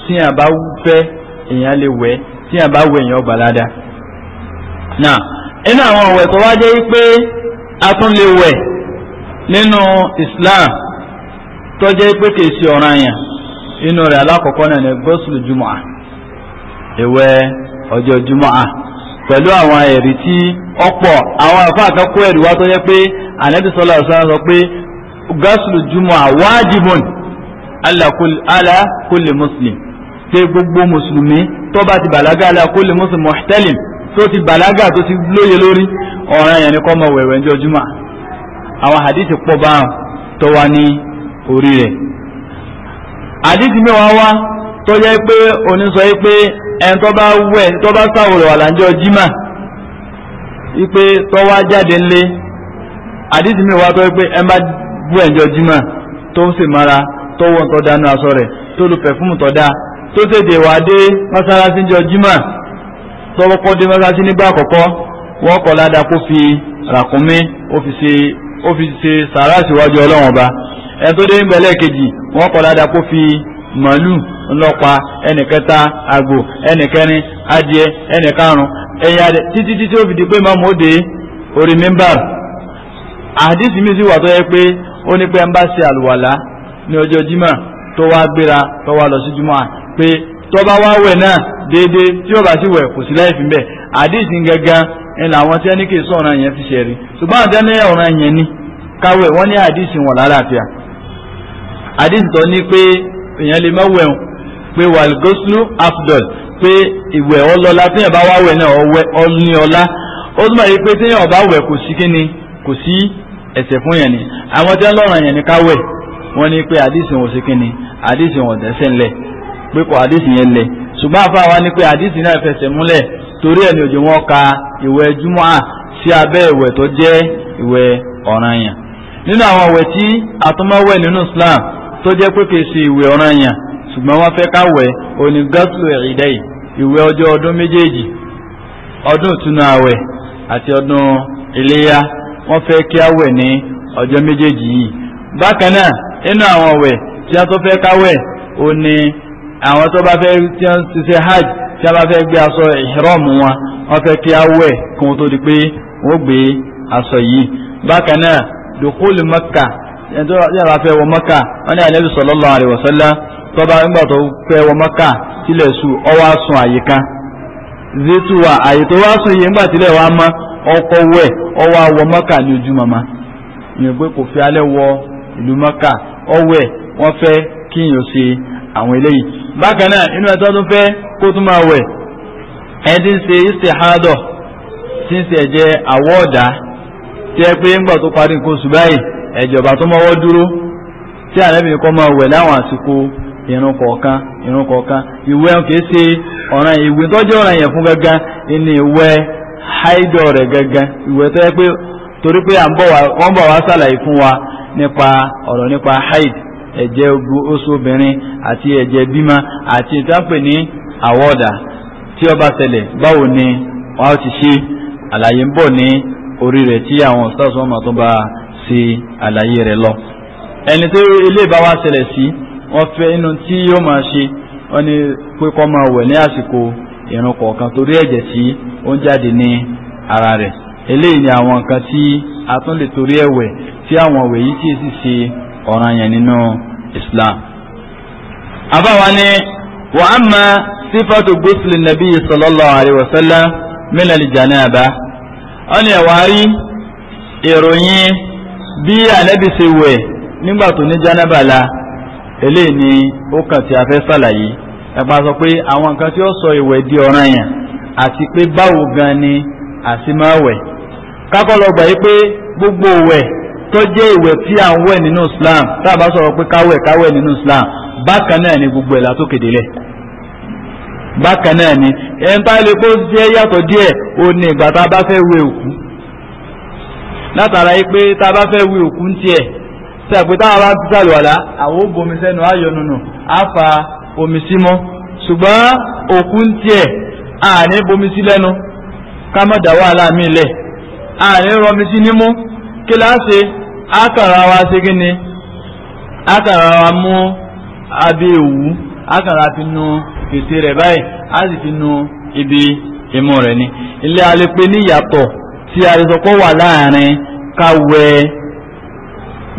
tí a bá fẹ́ èèyàn lè wẹ̀ tí a bá wẹ̀ èèyàn ọgbà ládàá. náà inú àwọn àwẹ̀ tó wá jẹ́ pé a tún lè wẹ̀ nínú Islam tó jẹ́ pé kì í ṣe ọ̀ranyàn inú rẹ̀ alákọ̀ọ́kọ́ náà ni gọ́sùlù jùmọ̀à ìwẹ̀ ọjọ́ jùmọ̀à pẹ̀lú àwọn ẹ̀rí tí ọ̀pọ̀ àwọn àfáà kan kó ẹ̀rí wá tó yẹ pé ànẹ́bí ghusl jumu'a wajibun ala kulli muslim pé gbogbo mùsùlùmí tó bá ti bàlágà ala kulli muslim muhtalim tó ti bàlágà tó ti lóye lórí ọ̀ràn yẹn ni kó máa wẹ̀wẹ̀ ńjọ́ jumu'a àwọn hadithi pọ̀ bá tó wá ní orí rẹ̀ hadithi mẹ́wàá wá tó yẹ pé onísọ yìí pé ẹni tó bá wẹ̀ tó bá sáwòrò wà láńjọ́ jimá wípé tó wá jáde ńlé hadithi mẹ́wàá tó yẹ pé ẹni bá bú ẹ̀jọ́ jimá tó sì mara tó wọ́n tó dánú aṣọ rẹ̀ tó lu pẹ̀fúmù tó dáa tó tètè wá dé mọ́sálásí jọ jimá tó kọ́kọ́ dé mọ́sálásí nígbà àkọ́kọ́ wọ́n kọ́ ládàá kó fi ràkúnmí ó fi ṣe ó fi ṣe sàárà síwájú ọlọ́run ọba ẹni tó dé ń bẹ̀lẹ̀ kejì wọ́n kọ́ ládàá kó fi màálù ńlọ́pa ẹnìkẹta àgbò ẹnìkẹrin adìẹ ẹnìkarùn ẹ̀yà rẹ̀ títí títí ó fi di pé mọ́mú ó dé orí mímbà àdìsí mi sì wà tó yẹ pé ó ní pé ń bá ṣe àlùwàlá ní ọjọ́ jímọ̀ tó wá gbéra tó wá lọ sí jímọ̀ pé tó bá wá wẹ̀ náà déédéé tí ó bá sì wẹ̀ kò sí láì fi bẹ́ẹ̀ àdéhìsí gangan ẹ̀ làwọn tí ẹni kìí sọ ọ̀ràn yẹn fi ṣẹ̀rí ṣùgbọ́n àti ẹni ọ̀ràn yẹn ni káwẹ̀ wọ́n ní àdéhìsí wọn lálàáfíà àdéhìsí tó ní pé èèyàn lè má wẹ̀hùn pé wàlgọ́sùlù afdol pé ìwẹ̀ ọlọ́lá tí yẹn bá wá wẹ̀ náà ọ̀ní ẹ̀ṣẹ̀ fún yẹn ni àwọn tí wọ́n lọ́ràn yẹn ni káwẹ̀ wọ́n ní pé àdìsí wọn ò sí kínni àdìsí wọn ò dẹ́sẹ̀ ńlẹ̀ pé kò àdìsí yẹn lẹ̀ ṣùgbọ́n àfa wa ní pé àdìsí náà fẹsẹ̀ múlẹ̀ torí ẹ̀ ní òjò wọn ka ìwẹ̀ júmọ́à sí abẹ́ ìwẹ̀ tó jẹ́ ìwẹ̀ ọ̀ranyàn nínú àwọn ìwẹ̀ tí àtúmọ̀wẹ̀ nínú Islam tó jẹ́ pé kìí ṣe ìwẹ̀ ọ̀ranyàn ṣùgbọ́n wọ́n fẹ́ káwẹ̀ òní gọ́sùlù ẹ̀rídẹ́ ìwẹ̀ ọjọ́ ọdún méjèèjì ọdún ìtúnu àwẹ̀ àti ọdún iléyá wọ́n fẹ́ kí a wẹ̀ ní ọjọ́ méjèèjì yìí bákan náà àwọn ọ̀wẹ̀ tí a tó fẹ́ káwẹ̀ àwọn tó fẹ́ tí wọ́n ti ṣe hajj tí wọ́n bá fẹ́ gbé aṣọ wọn wọ́n fẹ́ kí a wẹ̀ kí wọ́n tó di pé wọ́n wọ mọ́kà wọ́n ní tó bá tó fẹ́ wọ ọkọ̀ wẹ̀ ọwọ́ awọ maka ní ojú màmá ìyẹn pé kò fi alẹ́ wọ ìlú mọ́kà ọwẹ́ wọ́n fẹ́ kí n yóò ṣe àwọn eléyìí. bákan náà inú ẹ̀tọ́ tó fẹ́ kó tún máa wẹ̀ ẹ ti ń ṣe istihadọ̀ tí ń ṣe ẹ̀jẹ̀ àwọ̀ ọ̀dà tí ẹ pé tó parí nǹkan oṣù báyìí ẹ̀jẹ̀ ọ̀bà tó dúró tí àlẹ́bìnrin kan máa wẹ̀ láwọn àsìkò haidọ̀ rẹ̀ gangan ìwẹ̀ tó yẹ pé torí pé wọ́n bọ̀ wá sàlàyé fún wa nípa ọ̀rọ̀ nípa haid ẹ̀jẹ̀ oṣù obìnrin àti ẹ̀jẹ̀ bímọ àti ìtàpè ní àwọ̀dà tí ó bá ṣẹlẹ̀ báwo ni wọ́n á ti ṣe àlàyé ń bọ̀ ní orí rẹ̀ tí àwọn stars wọn máa tún bá ṣe àlàyé rẹ̀ lọ. ẹni tó ilé ìbá wa ṣẹlẹ̀ sí wọ́n fẹ́ inú tí yóò máa ṣe wọ́n ní pé kó máa wẹ̀ ní àsìkò ìrun kọ̀ọ̀kan torí ẹ̀jẹ̀ tí ó ń jáde ní ara rẹ̀ eléyìí ni àwọn nǹkan tí a tún lè torí ẹ̀wẹ̀ tí àwọn ọ̀wẹ̀ yìí tí èsì ṣe ọ̀ràn yẹn nínú Islam. àbáwa ni wa amma sífàtò gbósìlì nàbí sallallahu alaihi wasallam minal janaba wọ́n ní ẹ̀wà rí ìròyìn bí ànábì ṣe wẹ̀ nígbà tó ní janaba la eléyìí ni ó kàn tí a fẹ́ ṣàlàyé ẹ̀pà sọ pé àwọn nǹkan tí ó sọ ìwẹ̀ di ọ̀ràn yẹn àti pé báwo gan ni àṣemáwẹ̀ kákọ́ lọ gbà yí pé gbogbo òwẹ̀ tó jẹ́ ìwẹ̀ tí à ń wẹ̀ nínú Islam tá a bá sọ̀rọ̀ pé káwẹ̀ káwẹ̀ nínú Islam bákan náà ni gbogbo ẹ̀ látó kéde lẹ̀ bákan náà ni ẹn tá lè kó jẹ́ yàtọ̀ díẹ̀ ó ní ìgbà tá a bá fẹ́ wẹ̀ òkú látara yìí pé tá a bá fẹ́ wẹ̀ òkú ń tiẹ̀ tí a pé táwa bá ń ti sàlùwàlá àwọn ó sẹ́nu ayọ̀ nùnù omi símọ́ ṣùgbọ́n òkú ń tiẹ̀ àní bomi sí lẹ́nu ká má dá wàhálà mi lẹ̀ àní rọmi sí nímú kí láṣẹ àkàrà wa ṣe kí ni àkàrà wa mú abẹ́ òwú àkàrà fi nu fèsì rẹ̀ báyìí á sì fi nu ibi imú rẹ̀ ni ilé alẹ́ pé ní ìyàtọ̀ tí a lè sọ pé wà láàrin ká wẹ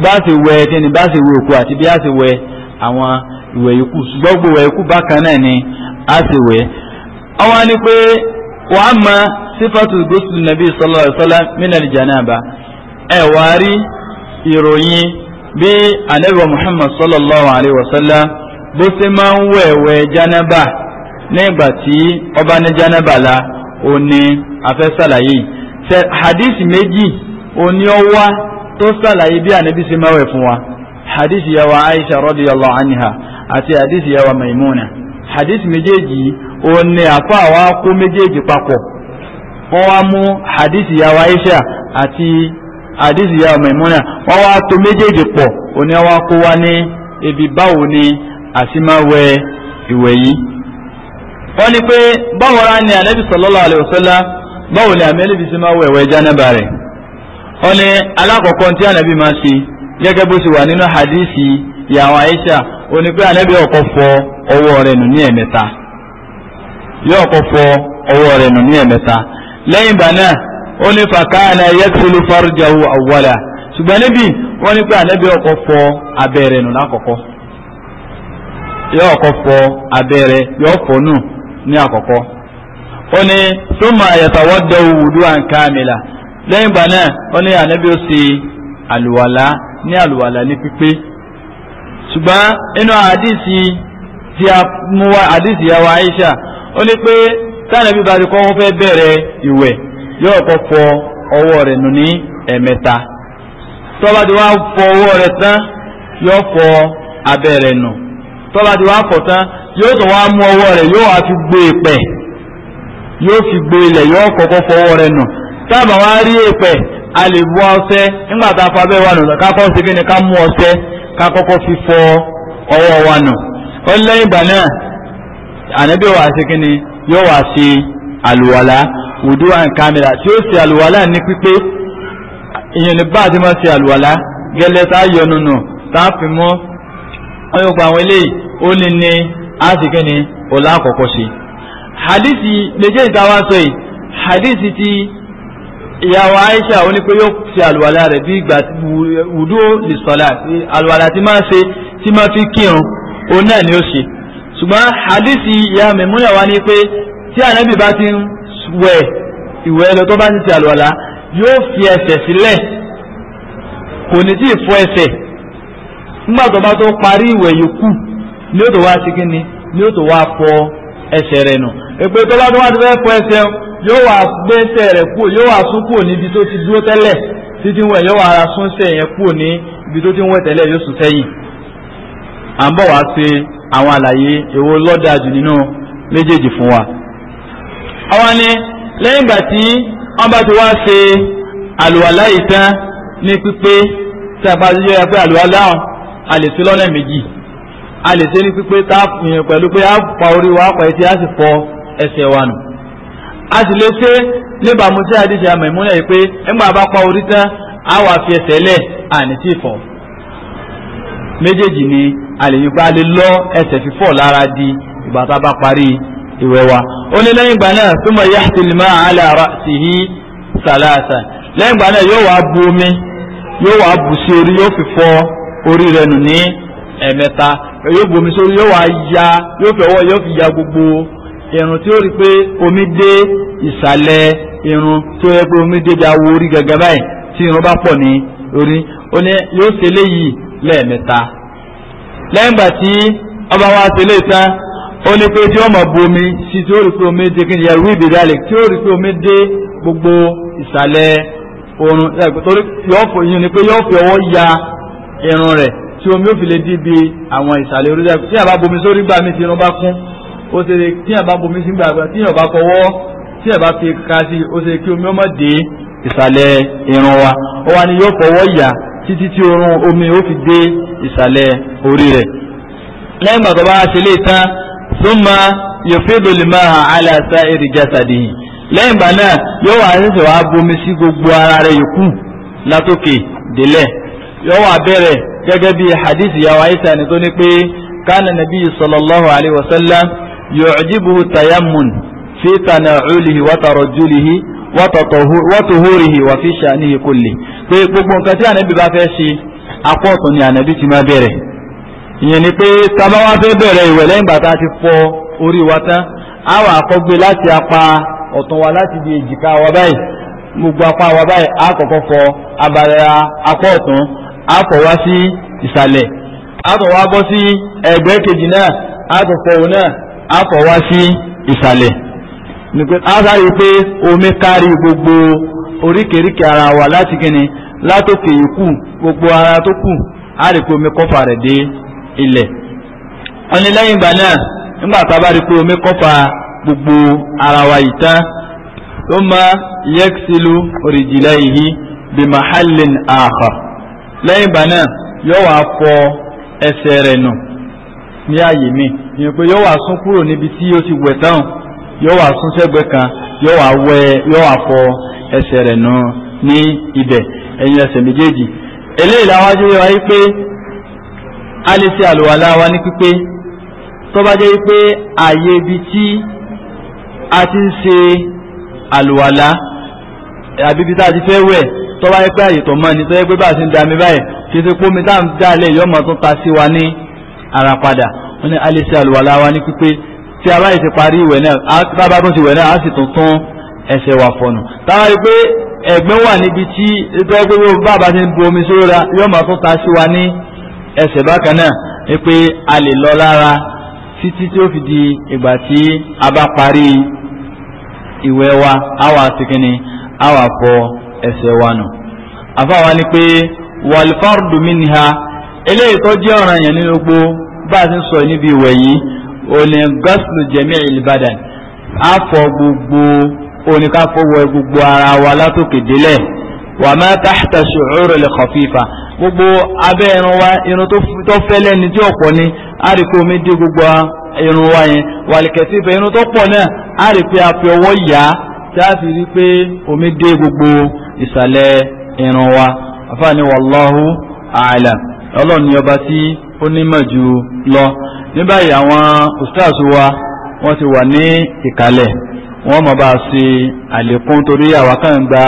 bá ṣe wẹ kí ni bá ṣe wẹ òkú àti bí a wẹ àwọn ìwẹ̀ ikú ṣùgbọ́n gbogbo ìwẹ̀ ikú bákan náà ni a ṣe àwọn ni pé wàá mọ sífàtù gúúsù nàbí sallallahu alaihi wasallam mínàlì jàǹdàbà ẹ wàá rí ìròyìn bí anabiwa muhammad sallallahu alaihi wasallam bó ṣe máa ń wẹ̀wẹ̀ jàǹdàbà nígbà tí ọba ní jàǹdàbà la ó ní afẹ́sàlàyé ṣe hadith méjì ó ní ó wá tó sàlàyé bí anabi ṣe máa wẹ̀ fún wa hadith yàwá aisha radiyallahu anha àti hadith yàwá maimuna hadith méjèèjì òun ni àfa àwa kó méjèèjì papọ̀ wọ́n wá mú hadisi yàwá Aisha àti hadisi yàwá Maimuna wọ́n wá tó méjèèjì pọ̀ òun ni wọ́n kó ní ibi báwo ni àṣìmáwẹ ìwẹ̀ yìí. wọ́n ní pé báwo ra ni anabi báwo ni máa wẹ̀ wẹ̀ ní alákọ̀ọ́kọ́ tí anabi máa ṣe gẹ́gẹ́ bó ṣe wà nínú ya Aisha òun anabi ọkọ̀ fọ ọwọ́ rẹ̀ nù ní yóò kọ́ fọ ọwọ́ nù ní ẹ̀mẹ́ta lẹ́yìn ìgbà ó ní si yẹ́kùlù fárújáwó àwọ̀là ṣùgbọ́n níbi wọ́n ní pé ànábì ọkọ̀ fọ abẹ́rẹ́ nù lákọ̀ọ́kọ́ yóò kọ́ fọ fọ ní ó ní wùdú ó ní ṣe ní ní pípé inú àdìsí a àdìsí yà wá ó ní pé tánàbí bá ti kọ́ wọ́n fẹ́ bẹ̀rẹ̀ ìwẹ̀ yóò kọ́ fọ ọwọ́ rẹ̀ nù ní ẹ̀mẹta tó bá ti wá fọ ọwọ́ rẹ̀ tán yóò fọ abẹ́ rẹ̀ nù tó bá ti wá fọ tán yóò tún wá mú ọwọ́ rẹ̀ yóò wá fi gbé ìpẹ̀ yóò fi gbé ilẹ̀ yóò fọ ọwọ́ rẹ̀ nù táàbà wá rí ìpẹ̀ a lè bu nígbà tá a fọ abẹ́ wa nù sí kí ni ká mú ká kọ́kọ́ fi fọ ọwọ́ ànábì wa ṣe kí ni yóò wá ṣe àlùwàlá wùdú à ń kámẹ́rà tí ó ṣe àlùwàlá ní pípé ìyẹn ní bá a ti máa fi mọ́ wọ́n yóò àwọn eléyìí ó lè ní a ṣe kí ni ọ̀la àkọ́kọ́ ṣe. hadisi méjèèjì tá a wá sọ yìí hadisi ti ìyàwó Aisha ó ní pé yóò ṣe àlùwàlá rẹ̀ bí ìgbà wùdú lè sọ̀lá àlùwàlá ti máa ṣe ti máa fi kírun òun náà ni ó ṣe ṣùgbọ́n hadisi ya mẹ̀múyà wa ni pé tí ànábì bá ti ń wẹ̀ ìwẹ̀ lọ tó bá ti ti àlùwàlá yóò fi ẹsẹ̀ sílẹ̀ kò ní tí ì fọ ẹsẹ̀ nígbà tó bá tó parí ìwẹ̀ yòókù ni ó tó wá sí kí ni ni ó tó wá fọ ẹsẹ̀ rẹ̀ nù èpè tó bá tó wá ti fẹ́ fọ ẹsẹ̀ yóò wá gbé ẹsẹ̀ rẹ̀ kúrò yóò wá sún kúrò níbi tó ti dúró tẹ́lẹ̀ títí wẹ̀ yóò wá sún ẹsẹ̀ yẹn kúrò ní ibi tó ti ń wẹ̀ tẹ́lẹ̀ yóò sún sẹ́yìn à ń bọ̀ wá ṣe àwọn àlàyé èwo lọ́dà nínú méjèèjì fún wa. àwọn ni lẹ́yìn ìgbà tí wọ́n bá ti wá ṣe àlùwàlá yìí tán ní pípé tí a bá ti yẹra pé àlùwàlá ọ̀hún a lè ṣe lọ́nà méjì a lè ṣe ní pípé tá a yàn pẹ̀lú pé a pa orí wa pa etí a sì fọ ẹsẹ̀ wa nù. a sì lè ṣe níbàámu sí àdìsí àmọ̀ ìmúlẹ̀ yìí pé ẹgbẹ́ àbá pa orí tán a wà fi ẹsẹ̀ lẹ̀ àní tí ì fọ̀ méjèèjì ni àlèyìnpá lè lọ ẹsẹ̀ fífọ̀ lára di ìgbà tá a bá parí ìwẹ̀ wa ó ní lẹ́yìn ìgbà náà súnmọ́ yahtil ma'a ala ra'sihi salasa lẹ́yìn ìgbà náà yóò wá bu omi yóò wá bù sí orí yóò fi fọ orí rẹ̀ nù ní ẹ̀mẹ́ta yóò bu omi sórí yóò wá ya yóò fi ọwọ́ yóò fi ya gbogbo irun tí ó rí pé omi dé ìsàlẹ̀ irun tí ó yẹ pé omi dé bí orí gẹ́gẹ́ tí irun bá pọ̀ ní orí ó ní yóò ṣe léyìí lẹ́ẹ̀mẹ́ta lẹ́yìn gbà tí ọba wa ṣe lè tán ó ní pé tí wọ́n mọ̀ bu omi sí tí ó rí pé omi dé kí ni yẹ̀rù ìbèrè àlè tí ó rí pé omi dé gbogbo ìsàlẹ̀ oorun torí yìí ni pé yóò ọwọ́ ya irun rẹ̀ tí omi ó fi lè dí bi àwọn ìsàlẹ̀ orí rẹ̀ tí àbá bomi sórí gbà mí tí irun bá kún ó ṣe lè tí àbá bomi sí gbà tí yàn bá fọwọ́ tí yàn bá fi ka ó ṣe kí omi ọmọ ìsàlẹ̀ irun wa ó wà ní yóò fọwọ́ yà títí tí oorun omi ó fi dé ìsàlẹ̀ orí rẹ̀ lẹ́yìn ìgbà tó bá ṣe lè tán súnmọ́ yòfébè lè máa hàn aláṣà èrìjásàdì yìí lẹ́yìn ìgbà náà yóò wá ṣẹ̀ṣẹ̀ wá bomi sí gbogbo ara rẹ̀ yòókù látòkè délẹ̀ yóò wá bẹ̀rẹ̀ gẹ́gẹ́ bí hadith ìyàwó àyíṣà ni tó ní pé kánà nàbí sallallahu alayhi wa sallam yu'jibuhu tayammun fi tana'ulihi wa tarajjulihi watuhurihi wa fi sha'nihi kulli pe gbogbo nkan ti anabi ba fe se apo ọtun ni anabi ma bere iyen ni pe ta ba bere iwe lẹyin ta ti fo ori wa tan a gbe lati apa ọtun wa lati di ejika wa bayi gbogbo apa wa bayi a kọkọ fọ abalẹra apo wa si isalẹ a fọ wa bọ si ẹgbẹ keji naa a fọ wo naa a si isalẹ. ni pé a sáré pé omi kárí gbogbo oríkèéríkèé ara wa láti kíni látòkè ikú gbogbo ara tó kù a rí pé omi kọ́fà rẹ̀ dé ilẹ̀ wọ́n ní lẹ́yìn ìgbà náà nígbà tá a bá rí pé omi kọ́fà gbogbo ara wa yìí tán ló máa yẹ́kisilu òrìjìlá yìí bí mahallin akhar lẹ́yìn ìgbà náà yóò wá fọ ẹsẹ̀ rẹ̀ nù ní àyè mi ìyẹn pé yóò wá sún kúrò níbi tí yóò ti wẹ̀ tán yóò wà sún sẹ́gbẹ́ kan yóò wà wẹ yóò wà fọ ẹsẹ̀ rẹ̀ nù ní ibẹ̀ ẹ̀yìn ẹsẹ̀ méjèèjì eléyìí làwọn ajẹ́wé wáyé pé a lè wa ní pípé tó bá pé ààyè ibi tí a ti ń ṣe àlùwàlá àbí ibi tá a ti fẹ́ wẹ̀ tó pé àyè tó mọ́ ni tó yẹ pé bá a ti ń da mi báyìí kí ṣe pómi tá à ń dálẹ̀ yọmọ tó ta sí wa ní ara padà wọ́n ní a lè ṣe àlùwàlá wa ní pípé tí a bá yìí ti parí ìwẹ̀ náà tábà tó ti wẹ̀ náà á sì tún tún ẹsẹ̀ wà fọ̀nù táwa rí pé ẹ̀gbẹ́ wà níbi tí tó yẹ pé bí bàbá ti ń bu omi sórí ra yóò máa tún ta sí wa ní ẹsẹ̀ bákan náà ni pé a lè lọ lára títí tí ó fi di ìgbà tí a bá parí ìwẹ̀ wa á wà síkínni á wà fọ ẹsẹ̀ wa nù àfáwa ni pé wàlúfàrúdùmí ni ha eléyìí tó jẹ́ ọ̀ràn yẹn nínú gbogbo bá a ti sọ níbi ìwẹ̀ yìí òní gọ́sùlù jẹ̀mí ìlìbàdàn àfọ gbogbo oníkàfọwọ́ gbogbo ara wa látòkè délẹ̀ wà má tahta shu'ur li khafifa gbogbo abẹ́ irun wa irun tó fẹ́lẹ́ ni tí ọ̀pọ̀ ni àríkò mi dé gbogbo irun wa yẹn wàlìkẹ̀tì ìfẹ́ irun tó pọ̀ náà àríkò àfi ọwọ́ yá tí a fi rí pé omi dé gbogbo ìsàlẹ̀ irun wa afáàní wallahu a'lam ọlọ́run ni ọba tí onímọ̀ jù lọ ní báyìí àwọn ustaz wa wọ́n ti wà ní ìkàlẹ̀ wọ́n mọ̀ bá a ṣe àlékún torí àwa kan gba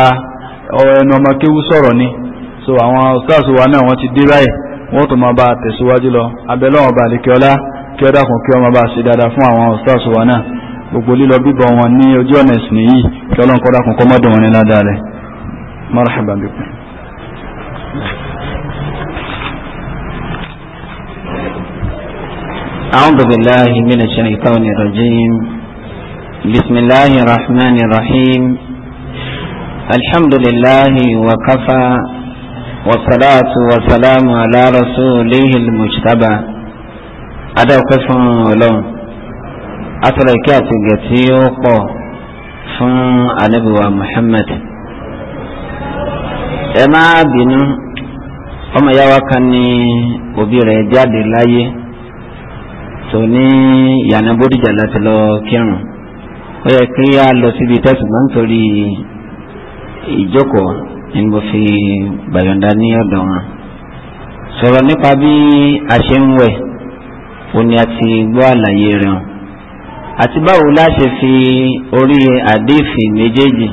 ẹnu ọmọ kéwú sọ̀rọ̀ ni so àwọn ustaz wa náà wọ́n ti dé báyìí wọ́n tó mọ̀ bá a tẹ̀síwájú lọ abẹ́lẹ́wọ̀n bá a lè kí ọlá kí ọ dákun kí ọmọ bá a ṣe dáadáa fún àwọn ustaz wa náà gbogbo lílọ bíbọ wọn ní ojú ọ̀nà ẹ̀sìn yìí kí ọlọ́run kọ́ kọ́ mọ́dún wọn ní ládàá rẹ̀ marhaban bikum. أعوذ بالله من الشيطان الرجيم بسم الله الرحمن الرحيم الحمد لله وكفى والصلاة والسلام على رسوله المجتبى أدعو كفر لهم أتركات قتيوق فن النبي محمد أما máa bínú ọmọ ìyá wa kan tó ní ìyànà bódìjà láti lọ kírun ó yẹ kí a lọ síbi tẹ́sùn máa ìjókòó ni mo fi gbàyọ̀ǹda ní ọ̀dọ̀ wọn sọ̀rọ̀ nípa bí a ṣe ń wẹ̀ ó ní a ti gbọ́ àlàyé rẹ̀ hàn àti báwo la ṣe fi orí àdéfì méjèèjì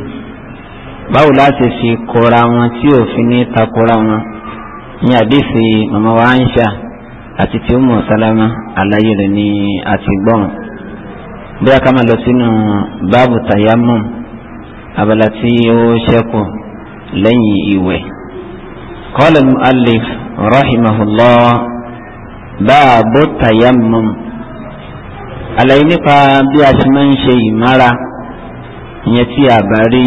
báwo la ṣe fi kọra wọn tí òfin ní takora wọn ní àdéfì màmá wa Aisha àti tí Ummu Salama àlàyé rẹ̀ ní àti gbọ́n bí a ká máa lọ sínú báàbù tayammum abala tí ó ṣẹ́kù lẹ́yìn ìwẹ̀ qala al-mu'allif rahimahullah báàbù tayammum àlàyé nípa bí a ṣe máa ń ṣe ìmára ìyẹn tí a bá rí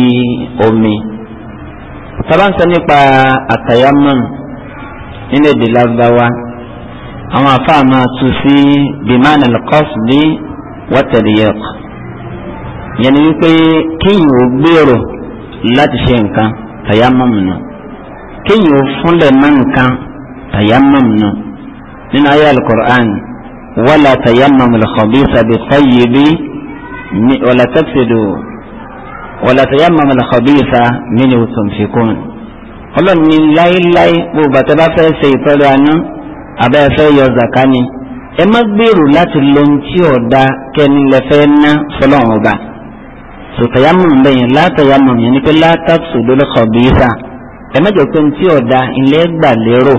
omi sábà ń sọ nípa àtayammum nínú èdè lábáwá àwọn àfáà máa tu sí bimana al-qasdi wa tadyiq yẹn ni wípé kéèyàn ò gbèrò láti ṣe nǹkan tayammum nù kéèyàn ò fúnlẹ̀ mọ́ nǹkan tayammum nù nínú ayé al-Qur'an wala tayammamu al-khabitha bit-tayyibi wala tafsidu wala tayammamu al-khabitha minhu tunfiqun ọlọ́run ní láéláé gbogbo àtẹ́bá fẹ́ ṣe ìtọ́jú àná abẹ́ fẹ́ yọ zaka ni ẹ má gbèrò láti lo ohun tí ọ̀dà kẹ́ni lẹ fẹ́ ná fọlọ́run ọba sòtàyàmù ń bẹ̀yìn látàyàmù yẹn ni pé látàkùsù lórí kọ̀bíyísà ẹ má jọ pé ohun tí ọ̀dà ilé gbà lérò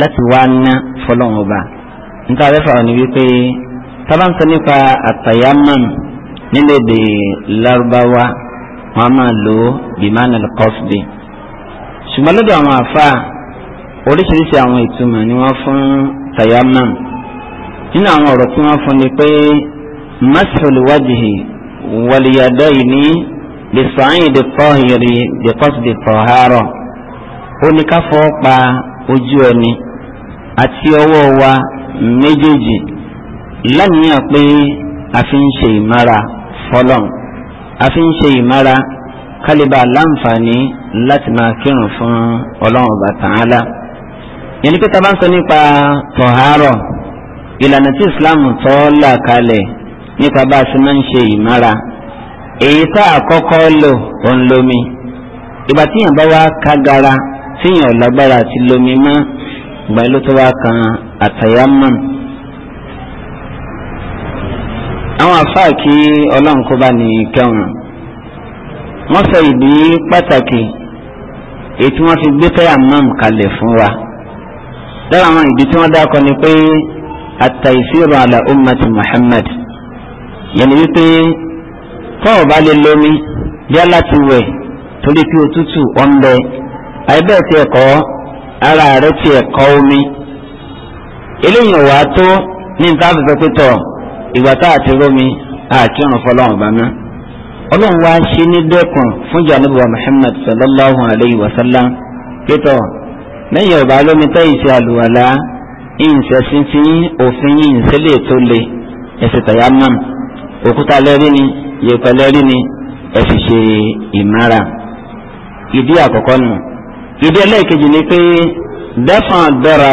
láti wá ná fọlọ́run ọba níta abẹ́ fàwọn ni wípé sábà nípa àtàyàmù nínú èdè lárúbáwá wọn máa lò ó bìmánà ṣùgbọ́n lọ́dọ̀ àwọn àfáà oríṣiríṣi àwọn ìtumọ̀ ni wọ́n fún tayammum nínú àwọn ọ̀rọ̀ tí wọ́n fún ni pé mashul wajhi wal yadayni bisa'id tahiri bi qasdi tahara ó ní ká pa ojú ẹni àti ọwọ́ wa méjèèjì lánìyàn pé a fi ń ṣe ìmára fọlọ́n a fi ń ṣe ìmára kálíbà láǹfààní láti máa kírun fún ọlọ́run bàtàn áńlá yẹnni pé tábà ń sọ nípa tọ̀hárọ̀ ìlànà tí Islam tọ́ là kalẹ̀ nípa bá a ṣe máa ń ṣe ìmára èyí tá àkọ́kọ́ lò òun lomi ìgbà tíyàn bá wá kágara tíyàn lágbára àti lomi mọ́ ìgbà ló tó wá kan àtàyámọ̀ àwọn àfáà kí ọlọ́run kó bá ní kẹwọn wọ́n sọ ìdí pàtàkì èyí tí fi gbé tẹ́yà mọ́m kalẹ̀ fún wa lára àwọn ìdí tí wọ́n dákọ ni pé àtàìsírò àlà ummati muhammad yẹn ni wípé tọ́ọ̀ bá lè lómi bí aláti wẹ̀ torí pé òtútù ọ̀nbẹ àìbẹ́ẹ̀ tí ẹ̀kọ́ ara rẹ̀ ti ẹ̀kọ́ omi eléyìí wàá tó ní nǹkan àfẹ́fẹ́ pé ìgbà tá àti rómi àti ọ̀run fọlọ́run bá mọ́ ọlọ́run wá ṣe ní dẹ́kun fún jàǹdùbọ̀ muhammad sallallahu alayhi wa sallam pé lẹ́yìn ọ̀bá lómi tẹ́ ìṣe àlùwàlá ìǹṣẹ̀sìn tí òfin yìí ń sílẹ̀ tó le ẹ̀sìn tàyámàm òkúta lẹ́rí ni yèèpẹ̀ lẹ́rí ni ẹ̀sìn ṣe ìmára ìdí àkọ́kọ́ nù ìdí ẹlẹ́ẹ̀kejì ni pé dẹ́fọ̀n àgbẹ̀rà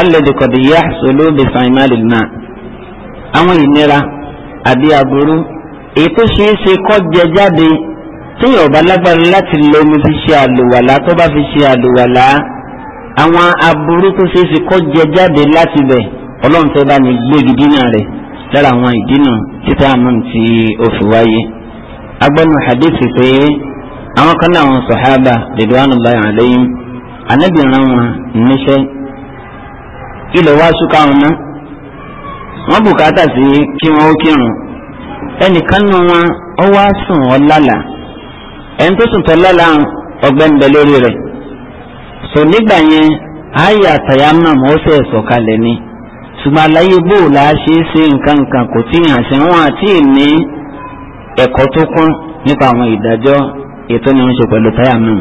alẹ́dẹ̀kọ̀dì yá solóbi sàmìmálì náà àwọn ìnira àbí aburú èyí tó ṣeé ṣe kọ́ jẹ jáde tí yóò bá lágbára láti lo fi ṣe àlùwàlá tó bá fi ṣe àlùwàlá àwọn aburú tó ṣeé ṣe kọ́ jẹ jáde láti bẹ̀ ọlọ́run fẹ́ bá ní gbégi dínà rẹ̀ lára àwọn ìdínà títà àmọ́n tí ó fi wáyé. agbọ́nù hadith pé àwọn kan náà wọn sọ̀hábà ridwanullahi alayhim anábìrin wọn níṣẹ́ ilẹ̀ wá ṣúkà wọn ná wọ́n bùkátà sí kí wọ́n ó kírun ẹnìkan nù wọn ó sùn ọ́ lálàá ẹni tó sùn tọ́ lálàá ọgbẹ́ ń bẹ lórí rẹ̀ so nígbà yẹn àyà tàyámà mọ́sẹ̀ sọ̀kalẹ̀ ni ṣùgbọ́n àlàyé bò ṣe é ṣe nǹkan kan kò tí ì ṣe wọn àti ní ẹ̀kọ́ tó kún nípa àwọn ìdájọ́ ètò ni wọ́n ṣe pẹ̀lú tàyámà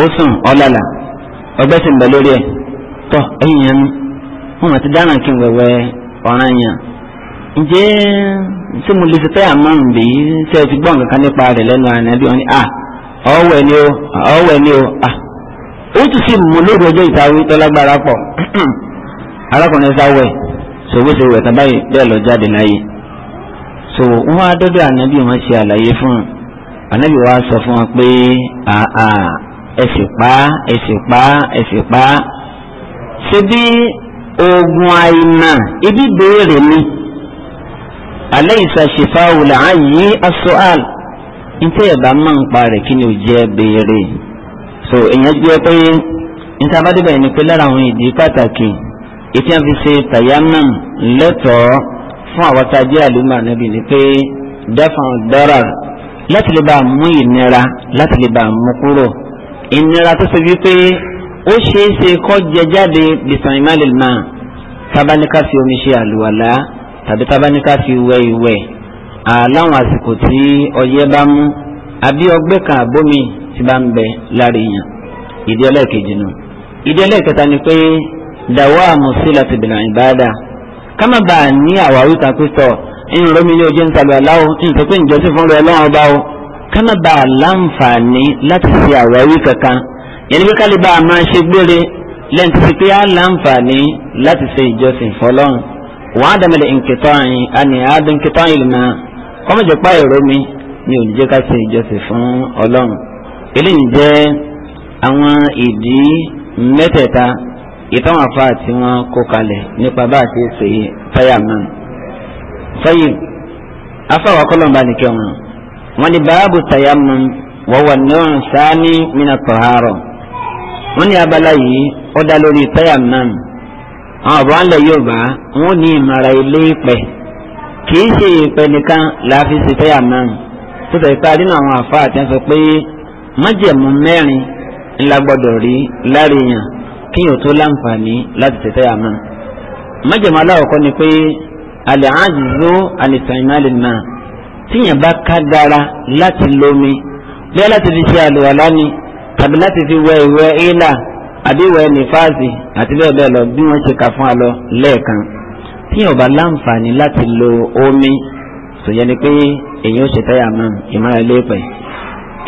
ó sùn ọ̀làlà ọgbẹ́ sì ń bẹ lórí ẹ̀ tọ́ ẹ̀yìn wọn àti dáná kí n wẹ̀wẹ̀ ọ̀ràn ǹjẹ́ mo lè fi ó tún sì mú lóru ọjọ́ ìtawí tó lágbára pọ̀ arákùnrin sáwẹ̀ ṣòwòṣe wẹ̀ tán báyìí bẹ́ẹ̀ lọ jáde láyé so wọ́n á dọ́dọ̀ ànábì wọn ṣe àlàyé fún un ànábì wa sọ fún wọn pé àà pa ẹsì pa ẹsì pa ṣe bí oògùn àìmọ̀ ibi béèrè mi, alẹ́ ìsàṣẹ̀fà òlà ayé aṣọ àl ní tẹ́ ẹ̀ bá máa ń parẹ́ kí ni ò jẹ́ béèrè so ìyẹn jẹ́ pé níta bá débẹ̀ ni pé lára àwọn ìdí pàtàkì ètí àfi ṣe tàyámà lẹ́tọ̀ọ́ fún àwọn tá a jẹ́ àlùmọ̀ níbi ni pé dáfà dọ́rà láti lè bá a mú ìnira láti lè bá a mú kúrò ìnira tó ṣe wípé ó ṣeé ṣe kó jẹ jáde bisanimálèmá tábáníká fi omi ṣe àlùwàlá tàbí tábáníká fi wẹ ìwẹ̀ àláwọn àsìkò tí ọyẹ́ bá mú àbí ọgbẹ́ kan àbómi tí bá ń bẹ lára èèyàn ìdí ẹlẹ́ẹ̀kejì nù ìdí ẹlẹ́ẹ̀kẹta ni pé dàwọ́ àmùsí láti bìnrin ìbáadà ká má bàa ní àwáwí kan pé tọ̀ ìrìn rómi ní ojú ń tàbí aláwo ìrìn tó pé ìjọsìn fún rẹ̀ lọ́wọ́ bá o ká má bàa láǹfààní láti ṣe àwáwí kankan yẹn bí kálí bá a máa ṣe gbére lẹ́yìn tó ti pé á láǹfààní láti ṣe ìjọsìn fọlọ́run wàá dàmẹ́lẹ̀ nkìtọ́ àyìn àní àádọ́ nkìtọ́ àyìn lùmọ́ kọ́mọ̀jọ̀pá ìrómi ni òjijì ká ṣe ìjọsìn fún ọlọ́run eléyìí jẹ́ àwọn ìdí mẹ́tẹ̀ẹ̀ta ìtàn àfa tí wọ́n kó kalẹ̀ nípa bá a ti ṣe fireman. fẹ́yì afáwọn kọlọ́mbà n'ike wọn wọ́n babu báàbù tayammum wọ́wọ́ náà sáání mina tọ̀hárọ̀ abala yìí ó dá lórí tayammum àwọn ọ̀bọ̀ àlẹ́ Yorùbá wọ́n ni ìmọ̀ra ilé ìpẹ́ kì í ṣe n'ikan nìkan láàfin ṣe tayammum tó tẹ̀ pé adínà àwọn àfa àti ẹ̀ sọ májẹ̀mú mẹ́rin ńlá gbọ́dọ̀ rí lára èèyàn kí yóò tó láǹfààní láti tẹ̀tẹ̀ àmọ́ májẹ̀mú aláwọ̀kọ́ ni pé àlẹ́ àjùzó àlìsàmìmálì náà tíyàn bá ká dára láti lómi bí láti fi ṣe àlùwàlá ni tàbí láti fi wẹ ìwẹ ìlà àbí ìwẹ nífàásì àti bẹ́ẹ̀ bẹ́ẹ̀ lọ bí wọ́n ṣe kà fún alọ lẹ́ẹ̀kan tíyàn bá láǹfààní láti lo omi sòyẹ́ni pé èyí ó ṣe ìmọ̀ràn ilé pẹ̀lú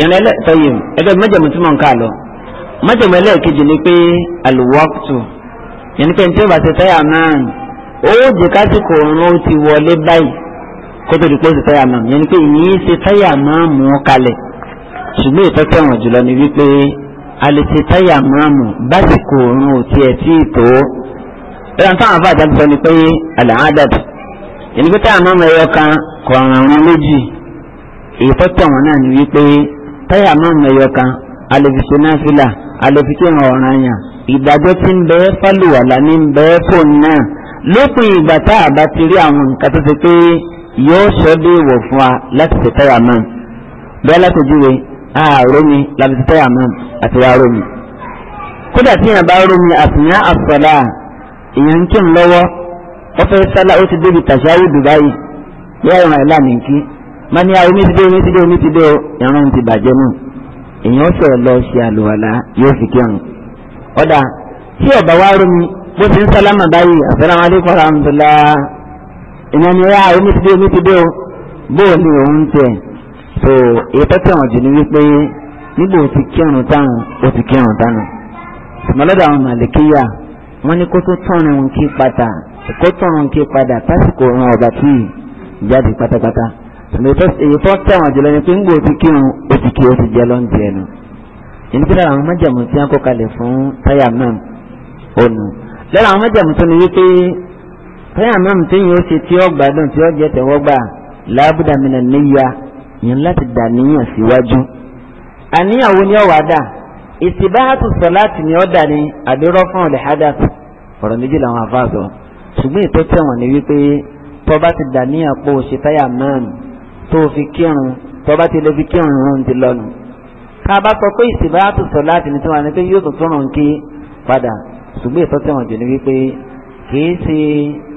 ìrìn ẹlẹ́tọ́yè ẹgbẹ́ mẹ́jọ̀mú tí mò ń kà lọ mẹ́jọ̀mú ẹlẹ́ẹ̀kejì ni pé àlùwọ́kùtù yẹnni pé ní tí ó bá ṣe táyà márùn ó jẹ kásìkò òórùn ó ti wọlé báyìí kó tó di pé ó ṣe táyà márùn yẹnni pé ìyìn ṣe táyà márùn kalẹ̀ ṣùgbọ́n ìtọ́ tẹ̀wọ̀n jùlọ ni wípé a lè ṣe táyà márùn básìkò òórùn ò tiẹ̀ tí ì tó ẹran táwọn afa àti àtúntò ni pé àlàádàd yẹnni pé táyà náà táyà márùn ẹ̀yọ kan fila náfìlà alẹ́fisẹ́ ọ̀ràn yàn ìdájọ́ tí ń bẹ fálùwàlà ní ń bẹ fóun náà lópin ìgbà tá a bá ti rí àwọn nǹkan tó ti pé yóò sọ dé ìwọ̀ fún wa láti ṣe táyà márùn bẹ́ẹ̀ látòjúwe àárò mi láti ṣe táyà márùn àti àárò mi kódà tí yàn bá rò mi àtìyàn àsọ̀lá ìyàn ń kí n lọ́wọ́ ó fẹ́ sálá ó ti débi tàṣáwù Dubai yóò ràn ẹ́ láàmì mani ní ah, omi ti dé omi ti dé omi ti dé o ìrún ti bàjẹ́ nù èèyàn sọ lọ ṣe àlùwàlà yóò fi kírun ọ̀dà tí ọ̀bà wa rú mi bó ti ń sálámà báyìí àsàlámù aláìkùm wa rahmatullah ìyẹn ni ẹ̀ omi ti dé omi ti dé o bóò ni òun tẹ̀ so èyí tó tẹ̀wọ̀n jù ni wípé níbo o ti kírun táwọn o ti kírun táwọn sùmọ́lọ́dà àwọn màlìkíyà wọ́n ní kó tó tọ̀run kí padà kó tọ̀run kí padà tásìkò òun ọ̀bà tí jáde pátápátá èyí tó tẹ̀wọ̀n jùlọ ni pé ńgbò ti kírun ó ti kí ó ti jẹ́ lóúnjẹ ẹnu èyí pé lára àwọn májàmú tí wọ́n kó kalẹ̀ fún táyà náà ó nù lára àwọn májàmú tó ni wípé táyà náà téèyàn ó ṣe tí ó gbádùn tí ó jẹ tẹ̀wọ́ gbà láàbùdà mi náà níyà yẹn láti dà níyàn síwájú àníyàwó ni ó wà dà ìsìbáhàtù sọ láti ni ó dà ní àbírọ́ fún ṣùgbọ́n ìtọ́tẹ̀wọ̀n ni wípé tọ́ba ti dà níyàn pọ̀ ṣe táyà náà tó fi kírun tó bá ti lè fi kírun ìrun ti lọ́nu. ká bá sọ pé ìsìbáàtù sọ láti ní tí wọn ní pé yóò tún túnrun kí padà ṣùgbọ́n ìtọ́ tẹ̀wọ̀n jù ní wípé kìí ṣe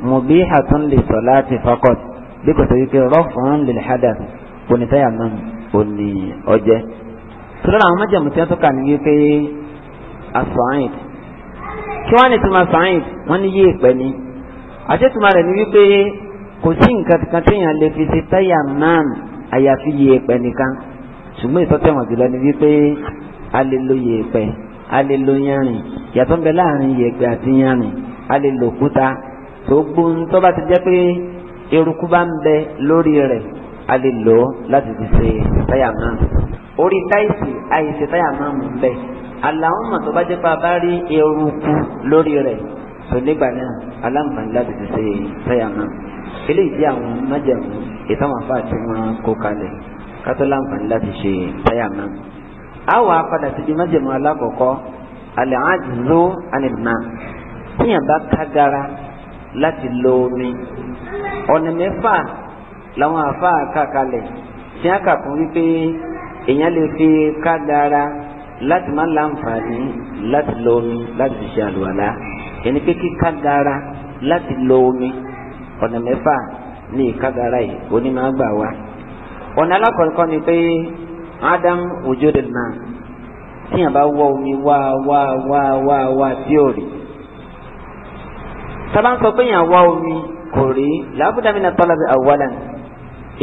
mubihatun li salati faqat bí kò sọ wípé raf'un lil hadath kò náà ò ní ọjẹ́. sọ́dọ̀ àwọn májèmú tí wọ́n tún kà ní wípé asọ̀hìn kí wọ́n ní tuma sọ̀hìn wọ́n ní yí ìpẹ́ ni àti tuma rẹ̀ ní wípé kò sí nǹkan kan téèyàn lè fi ṣe táyà man àyàfi yèèpẹ̀ nìkan ṣùgbọ́n ìtọ́tẹ̀wọ̀n jùlọ ni wípé a lè lo yèèpẹ̀ a lè lo yanrìn yàtọ̀ ń bẹ láàrin yèèpẹ̀ àti yanrìn a lè lo òkúta tó gbóhùn tó bá ti jẹ́ pé eruku bá ń bẹ lórí rẹ̀ a lè lò ó láti fi ṣe táyà man orí táìsì àìṣe táyà man ń bẹ aláwọ̀mọ̀ tó bá jẹ́ pé a bá rí eruku lórí rẹ̀ tó nígbà náà aláǹfààní láti fi ṣe táyà man eléyìí jẹ́ àwọn májàmú ìtàwọn afá tí wọ́n kó kalẹ̀ kátó láǹfààní láti ṣe táyà náà. a wà padà síbi májàmú alákọ̀ọ́kọ́ alẹ́ àdúró ànìmá tíyàn bá kágara láti lo omi ọ̀nà mẹ́fà làwọn afá kà kalẹ̀ tí a kà fún wípé èèyàn lè fi kágara láti má láǹfààní láti lo omi láti fi ṣe àlùwàlá ẹni pé kíkágara láti lo omi ọ̀nà mẹ́fà ní ìkágara yìí onímọ̀ àgbà wa ọ̀nà alákọ̀ọ́kọ́ ni pé Adam ojúde náà tíyàn bá wọ omi wá wá wá wá wá tí ò rí sábà ń sọ pé yàn wá omi kò rí làbúdàmí náà tọ́lá bí àwọ̀lá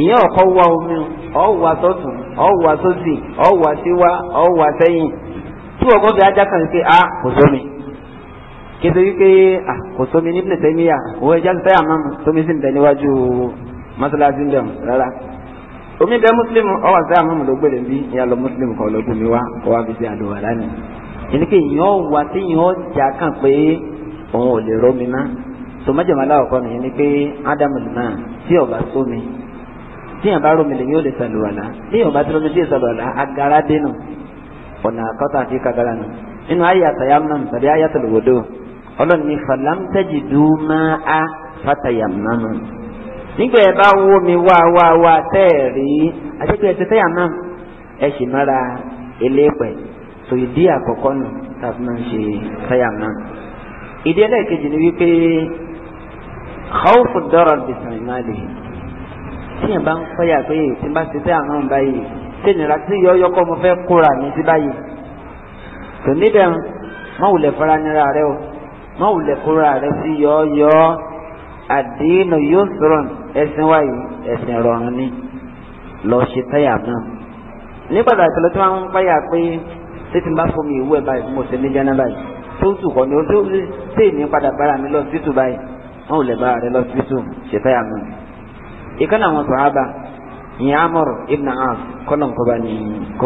ìyẹn ọ̀kọ́ wá omi ọ̀ wá sọ́tún ọ̀ wá sósì ọ̀ wá síwá ọ̀ wá sẹ́yìn tí ọgbọ́n bí ajá kan ṣe a ah, kò sómi kéde wípé kò sómi ní Ibn Taymiyyah òun ẹja ń fẹ́ àmọ́ tómi sì ń bẹ níwájú mọ́sálásí ń bẹ̀ rárá omi bẹ mùsùlùmù ọwọ́ àti àmọ́ ló gbèrè bí ìyá lọ mùsùlùmù kan lọ́gbọ̀n mi wá kó wá fi ṣe àdúrà lánìí yìí kí ìyàn wà tí ìyàn jà kàn pé òun ò lè rómi ná tòmájàmá láwùkọ nìyí ni pé ádámù náà tí ọba sómi tí ìyàn bá rómi lè yóò lè sàlùwàlà tí ìyàn bá tí rómi tí ì sàlùwàlà agara dénú ọ̀nà àkọ́tà àti kagara nù nínú ayé àtàyámù náà tàbí ayé àtàlùwòdò ọlọ́run ní falamtẹ́jì dùnmá a fatayamamu nígbà ẹ bá wó mi wá wá wá tẹ́ẹ̀rí àtẹ́gbẹ́ ẹ ti tẹ́yàmá ẹ sì mọ́ra eléèpẹ̀ tó ìdí àkọ́kọ́ nù tàbí máa ń ṣe tẹ́yàmá. ìdí ẹlẹ́ẹ̀kejì ni wípé khawfu dọ́rọ̀ bìsàn ìmáàlì tíyẹn bá ń fẹ́yà pé tí n bá ti tẹ́yàmá báyìí tí nira tí yọ́yọ́ kọ́ mo fẹ́ kóra mi sí báyìí tò níbẹ̀ mọ́wùlẹ̀ fara nira rẹ o má wùlẹ̀kúnra rẹ sí yọ́ọ́yọ́ àdínà yóò sọ̀rọ̀ ẹ̀sìn wáyé ẹ̀sìn rọrùn ni lọ ṣe táyà náà nígbà tí àtẹlẹ tí wọn ń páyà pé títí bá fún mi ìwé báyìí mo ṣe ní jẹ́nà báyìí tó tù kọ́ ni ó tó tè ní padà bára mi lọ sí tù báyìí wọn ò lè bára rẹ lọ sí tù ṣe táyà náà. ìkànnì àwọn sọ̀hábà ìyẹn amọ̀rọ̀ ibn as kọ́nà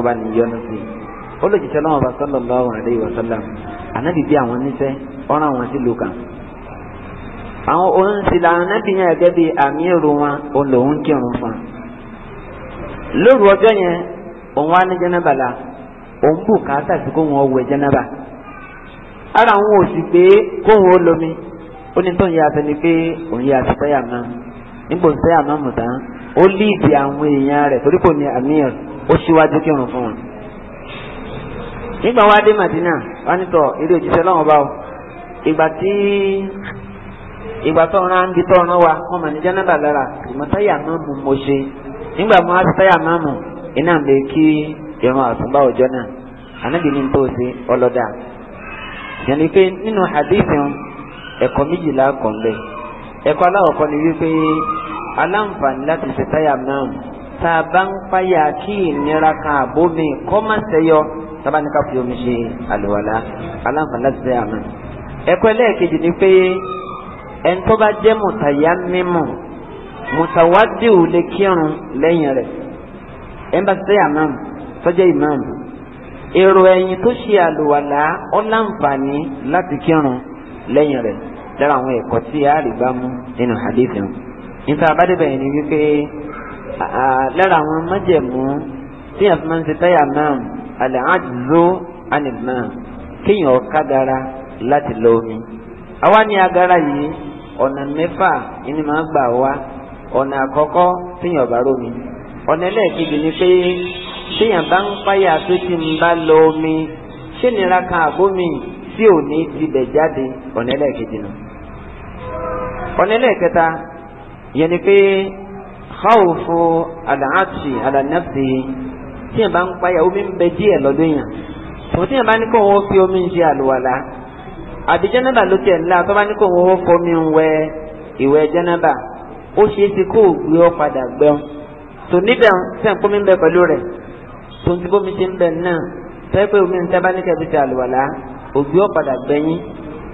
kọ́ba ni ó lè jíṣẹ́ lọ́wọ́ bá sallallahu alaihi wasallam ànábì bí àwọn níṣẹ́ ọ̀ràn wọn sí lùkà. àwọn oníṣìlá ànábì yẹn gẹ́gẹ́ bí àmì èrò wọn òun kírun fún un. lóru ọjọ́ yẹn òun wá ní jẹ́nẹ́bà la òun bù káàtà sí kó wọn wẹ̀ jẹ́nẹ́bà. ara àwọn òsì pé kó wọn ó lomi ó ní tó ń yára sẹni pé òun yára sí sẹ́yà máa nígbò sẹ́yà máa mọ̀ tán ó líìdì àwọn èèyàn rẹ̀ torí kò ní àmì ẹ̀ ó síwájú kírun fún wọn. nígbà wá dé Madina wá nítọ̀ eré òjíṣẹ́ lọ́wọ́ bá o ìgbà tí ìgbà tó ń rán bí tó wa wọn mà ní jẹ́nàbà lára mú mo ṣe nígbà mo á ti mú iná mi kí irun àtúnbá òjọ́ náà ànábì ní tó ṣe yẹnni pé nínú méjìlá ń ni wípé tábà ní ká fi omi ṣe àlùwàlá aláǹfààní láti fẹ́ àmọ́. ẹ̀kọ́ ẹlẹ́ẹ̀kejì ni pé ẹni tó bá jẹ́ mùtàyà mímọ̀ mùtàwádìí lè kírun lẹ́yìn rẹ̀ ẹni bá ti fẹ́ àmọ́ tọ́jẹ́ ìmáàmù èrò ẹ̀yìn tó ṣe àlùwàlá ó láǹfààní láti kírun lẹ́yìn rẹ̀ lára àwọn ẹ̀kọ́ tí a rí bá mú nínú hadithi wọn. níta abádébẹ̀ yẹn ni wípé lára àwọn májẹ̀mú tí àlàájúzó ànìmọ́ kéèyàn ọ̀kadàra láti lọ omi. àwa ní agara yìí ọ̀nà mẹ́fà ni màá gbà wá ọ̀nà àkọ́kọ́ téèyàn ọ̀bà rómi ọ̀nà ẹlẹ́ẹ̀kejì ni pé téèyàn bá ń páyà tó ti ń bá lọ omi ṣé nira kan àbómi tí ò ní tibẹ̀ jáde ọ̀nà ẹlẹ́ẹ̀kejì nù. ọ̀nà ẹlẹ́ẹ̀kẹta yẹn ni pé khawfu al'atshi ala nafsihi tí yẹn bá ń payà omi ń bẹ díẹ̀ lọ́dún yẹn tòun tí yẹn bá ní kó wọn fi omi ń ṣe àlùwàlà àbí jẹ́nàbà ló tiẹ̀ ńlá tó bá ní kó wọn fọmi ń wẹ ìwẹ̀ jẹ́nàbà ó ṣeé ṣe kó o gbé ọ padà gbẹun tò níbẹ̀ tí yẹn kómi ń bẹ pẹ̀lú rẹ̀ tòun ti bómi ṣe ń bẹ náà tẹ́ pé omi ń tẹ́ bá ní kẹ́bi ṣe àlùwàlà ògbé ọ padà gbẹ̀yìn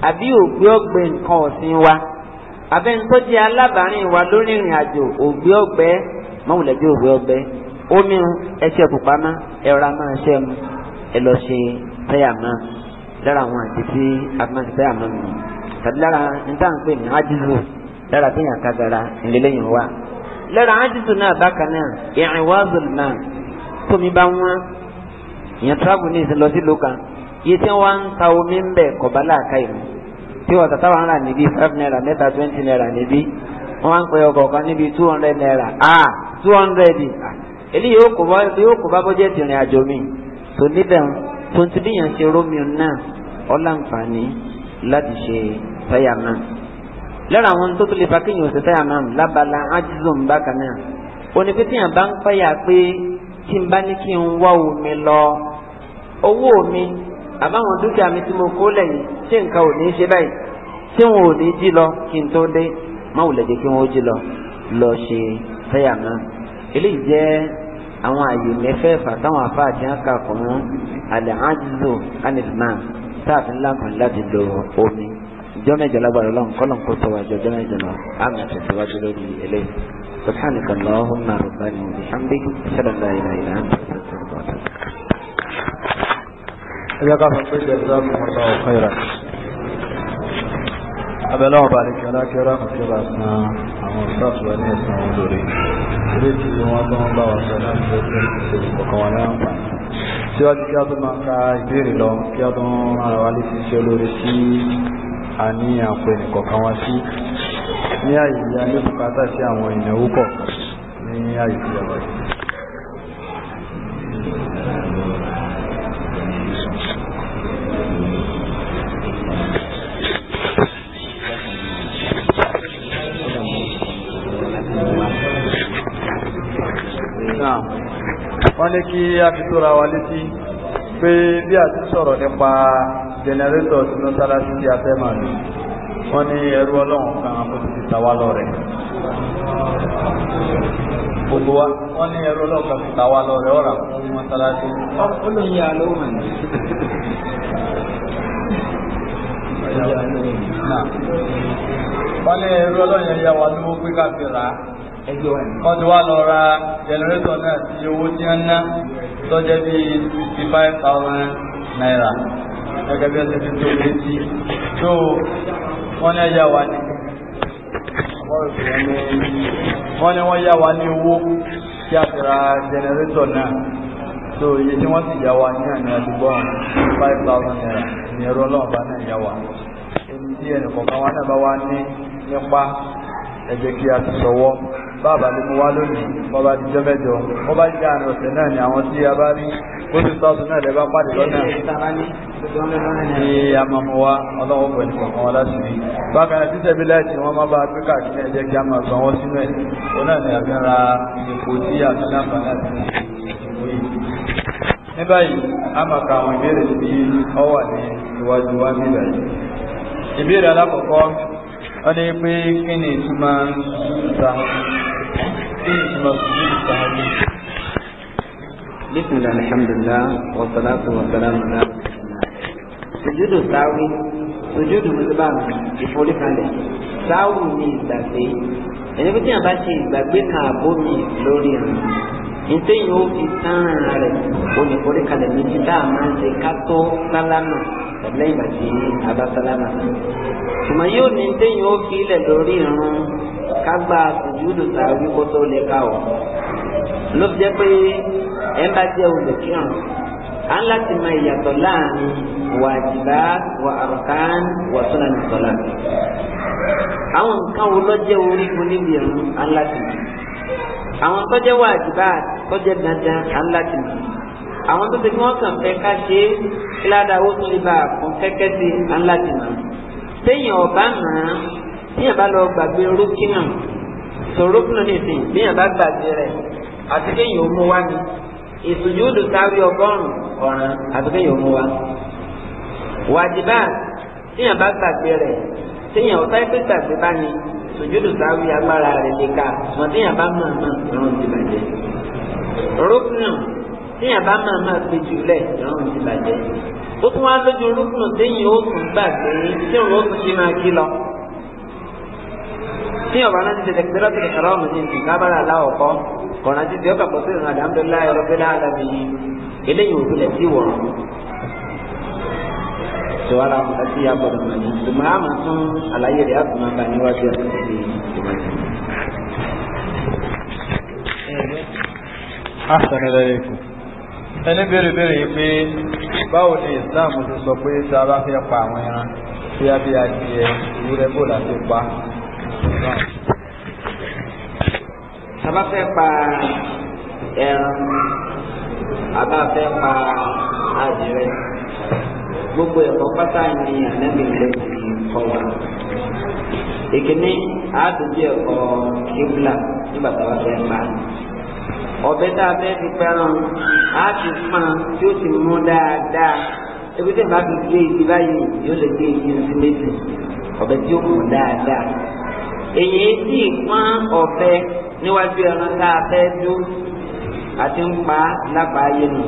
àbí ògbé ọgbẹ nǹkan ọ̀sìn wa abẹ́ńtọ́jẹ́ alábàárìn wa lórí ìrìn àjò ògbé ọgbẹ́ mọ́wùlẹ́jẹ́ ògbé ọgbẹ́ omi ẹsẹ̀ pupa mọ́ ẹ̀rọ máa ṣẹ́ mu ẹ lọ ṣe tẹ́yà mọ́ lára àwọn àti tí a máa ṣe tẹ́yà mọ́ mi tàbí lára níta ń pè ní ájísù lára tí yàn kagara ìlélẹ́yìn wa lára ájísù náà bákan náà ìrìn wá zòlùmọ́ tómi bá wọ́n ìyẹn travel ní ìsìn lọ sí ìlú kan yìí tí wọ́n ń ta omi ń bẹ̀ kọ̀ láàka ìlú tí wọ́n tàtà wọn rà níbí five naira mẹ́ta twenty naira níbí wọ́n wá ń pè ọkọ̀ níbi two hundred naira ah two hundred ah eléyìí yóò kó bá yóò kó bá bọ́jẹ́ tìrìn àjò mi tó níbẹ̀ tó ń ti bíyàn ṣe rómìó náà ọ̀làǹfààní láti ṣe táyà náà lọ́rọ̀ àwọn tó tó lè fa kéèyàn ṣe táyà náà lábala ájísùn bákan náà òní pé tíyàn bá ń fẹ́yà pé tí n bá ní kí n wá omi lọ owó mi àbáwọn dúkìá mi tí mo kó lẹ́yìn ṣé nǹkan ò ní ṣe báyìí tí wọn ò ní jí lọ kí n tó dé má jẹ́ kí wọ́n ó jí lọ lọ ṣe táyà náà eléyìí jẹ́ àwọn àyè mẹ́fẹ̀ẹ̀fà táwọn afá àti àkà kò mú àlẹ́hàjìzò anìlmá sáàfin láǹfààní láti lo omi ìjọ mẹ́jọ lágbára Ọlọ́run kọlọn kó tọwọ àjọ ìjọ mẹ́jọ náà àmì àtẹsíwájú lórí eléyìí سبحانك اللهم ربنا وبحمدك اشهد ان لا اله الا انت استغفرك واتوب اليك abẹ́lẹ́ ọba àdìkẹ́ alákẹ́rẹ́ àkọsílẹ̀ àti àwọn ìṣàtúwò ẹni ẹ̀sìn àwọn olórí ilé tí wọ́n tó ń bá wa sọ láti ẹgbẹ́ ìṣòro kọ̀ọ̀kan wọn náà pa síwájú kí a tó máa ka ìbéèrè lọ kí a tó ara wa létí iṣẹ́ olórí sí a ní àpò ẹnìkọ̀ọ̀kan sí ní àyè ìyá ní bùkátà sí àwọn ìnáwó pọ̀ ní àyè ìyàwó wọ́n ní kí a wa létí pé bí a ti sọ̀rọ̀ nípa jẹnẹrétọ̀ tí wọ́n sára sí ti afẹ́ lò wọ́n ní ẹrú ọlọ́run kan kó ti ti tàwa lọ rẹ̀ gbogbo wa wọ́n ní ẹrú ọlọ́run kan ti ẹgbẹ́ wa ni. wọ́n ti wá lọ ra jẹnẹrétọ̀ náà sí owó tí wọ́n ná lọ́jọ́ bí fifty five thousand naira gẹ́gẹ́ bí ẹsẹ̀ fífi owó létí. tó wọ́n ní ẹ̀yà wa ni wọ́n ní wọ́n yá wa ní owó tí a fi ra jẹnẹrétọ̀ náà so iye tí wọ́n sì yá wa ní àná àdúgbò five thousand naira ní ẹ̀rọ ọlọ́ọ̀bá náà yá wa ẹni tí ẹnì kọ̀ọ̀kan wa náà bá wá ní nípa ẹ kí a ti sọwọ́ bàbá ló mú wá lónìí wọ́n bá ti jọ́mẹ́jọ wọ́n bá jẹ́ àrùn ọ̀sẹ̀ náà ni àwọn tí a bá rí ó ti sọ́ọ̀tún náà lẹ́bàá pàdé lọ́nà ní amọ̀mọ́ wa ọlọ́wọ́ pẹ̀lú ọ̀kan wọn láti rí bákan náà títẹ̀ bí láìsí wọn má bá píkà kí ẹ jẹ́ kí a máa sọ sínú ẹ̀ òun náà ni àfihàn ipò tí àfihàn àǹfààní àti ìwé ní báyìí a máa ka àwọn ìbéèrè sí ọwà ní iwájú wa bí báyìí ìbéèrè alákọ̀ọ́kọ́ wọ́n ní pé kí ni ìtumọ̀ ń بسم الله الحمد لله والصلاة والسلام على sujudu sáwí sujudu mùsùlùmí ìforíkalẹ̀ sáwù ní ìgbàgbé ẹni pé tí a bá ṣe ìgbàgbé kan àbómi lórí àná nítorí yóò fi tán ara rẹ̀ oníforíkalẹ̀ méjì tá a máa ń ṣe ká tó sálámà lẹ́yìn ìgbà tí abasalama ṣùgbọ́n yóò o ló fi jẹ́ pé ẹ bá jẹ́ olùkírun á ń láti mọ ìyàtọ̀ láàrin wàjìbá wà àrùkán wà súnà nìsọ̀lá àwọn nǹkan wo ló jẹ́ orígun níbi irun á ń láti mọ àwọn tó jẹ́ wàjìbá tó jẹ́ àwọn tó ti kí wọ́n kàn fẹ́ ká ṣe é kí ládàá ó tún lè bá a kún kẹ́kẹ́ sí i ńlá ti mọ̀. téèyàn ọ̀bá mọ̀ án téèyàn bá lọ gbàgbé rúkínà tó rúkínà nìsín téèyàn bá gbàgbé rẹ̀ àti kéèyàn ó mú wá ni ìsùjúdù sáwí ọgọ́rùn-ún ọ̀ràn àti kéèyàn ó mú wá. wàjibá téèyàn bá gbàgbé rẹ̀ téèyàn ọ̀tá ẹgbẹ́ gbàgbé bá ni ìsùjúdù sáwí agbára rẹ̀ lè ka mọ̀ téèyàn bá mọ̀ téèyàn bá máa máa gbé jùlẹ̀ ìrún ti bàjẹ́ ó tún wá lójú rúkùn téèyàn ó tún gbàgbé tí òun ó tún ṣe máa kí lọ. téèyàn bá rántí tètè pé lọ́sẹ̀ kẹ̀kẹ́ rọ́ọ̀mù ní nǹkan kábàárà aláwọ̀kọ́ kọ̀ọ̀nà títí ọkà pọ̀ sí ìrìn àdámbélá ẹ̀rọ̀bélá alábi yìí eléyìí ò tilẹ̀ sí wọ̀rọ̀. sọ̀rọ̀ àwọn àti agbọ̀dọ̀ ṣùgbọ́n àmà tún ẹni béèrè béèrè yìí pé báwo ni Islam ti sọ pé tá a bá fẹ́ pa àwọn ẹran bí a bí adìẹ ìwúrẹ́ bò láti pa. a bá fẹ́ pa ẹran a bá fẹ́ pa adìẹ gbogbo ẹ̀kọ́ pátá ni ànábì kọ́ wa. ìkíní ẹ̀kọ́ kíbla nígbà a bá fẹ́ pa ọ̀bẹ tá a fẹ́ fi pẹ́ràn á ti pọ́n tí ó sì mú dáadáa ebi tí ìbá fi gbé igi báyìí yóò lè gbé igi sí méjì ọ̀bẹ tí ó mú dáadáa èyí sì pọ́n ọ̀bẹ níwájú ẹran tá a fẹ́ dú àti ń pa lágbàáyé nù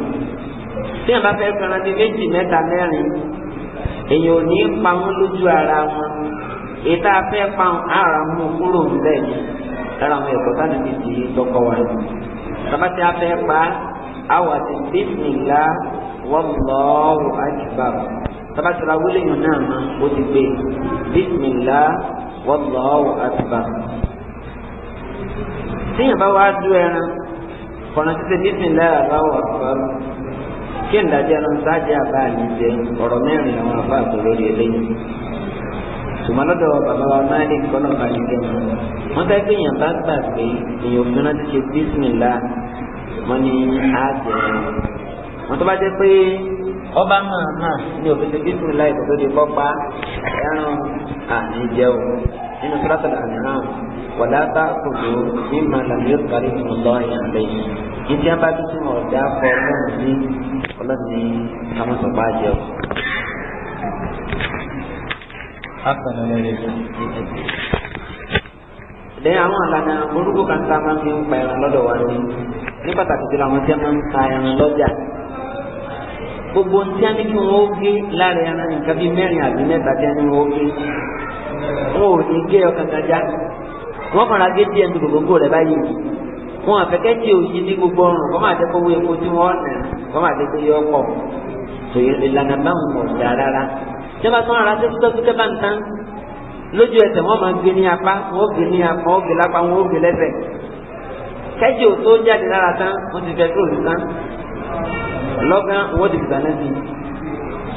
tí ìbá fẹ́ pẹ́ràn ní méjì mẹ́ta mẹ́rin èyí ò ní pa wọn lójú ara wọn èyí tá a fẹ́ pa ara mú kúrò ń bẹ̀ ni ara àwọn ẹ̀kọ́ tá a lè fi tọkọ wa yìí bàbá tí a fẹ́ pa àwọn àti bísímìlá wallahu akbar bàbá tí a wílé yàn náà mọ ó ti gbé bísímìlá wallahu akbar. tíyàn bá wá dú ẹran kọ̀nà títí wallahu akbar kí n dàjẹ́ ẹran sáájà bá a ní jẹ ṣùgbọ́n lọ́dọ̀ bàbá wa Malik kọ́nà balùwẹ̀ wọ́n fẹ́ pé èèyàn bá gbà pé èèyàn òfin náà ti ṣe bísímìlá wọ́n ní àgbẹ̀ wọ́n tó bá jẹ́ pé ọba máa máa ní òfin ṣe bísímìlá ìtọ́ tó di pọ́pá ẹran àní jẹun nínú sọ́látọ̀lá àmìràn wọ̀dà bá kòtò ní màlàmí ó parí fún lọ́ọ̀yà lẹ́yìn ìdí abájútó ọ̀dà fọ́ ọlọ́run ní ọlọ́run ní amọ̀sọ̀pá jẹun. Assalamu alaikum. Ṣé àwọn àlànà orúkọ kan tá a máa fi ń pa ẹran lọ́dọ̀ wa ni? Ní pàtàkì jùlọ àwọn tí a máa ń ta ẹran lọ́jà. Gbogbo tí a ní kí wọ́n ó gé lára ẹran nǹkan bíi mẹ́rin àbí mẹ́ta tí a ní wọ́n ó gé. Wọn ò ní gé ọkàn kan já. Wọ́n fara gé díẹ̀ ní gbogbo rẹ̀ báyìí. Wọn àfẹ́kẹ́ tí òyìn ní gbogbo ọrùn kọ́ máa jẹ́ kó epo tí wọ́n nà kọ́ máa jẹ́ tẹ́bà tó ń ra tẹ́tútẹ́tútẹ́ bá ń tán lójú ẹsẹ̀ wọ́n máa gbé ní apá wọ́n gbé ní apá wọ́n gbé lápá wọ́n gbé lẹ́sẹ̀ kẹ́jì ò tó jáde lára tán wọ́n ti fẹ́ tóòlù tán lọ́gán wọ́n ti gbà náà sí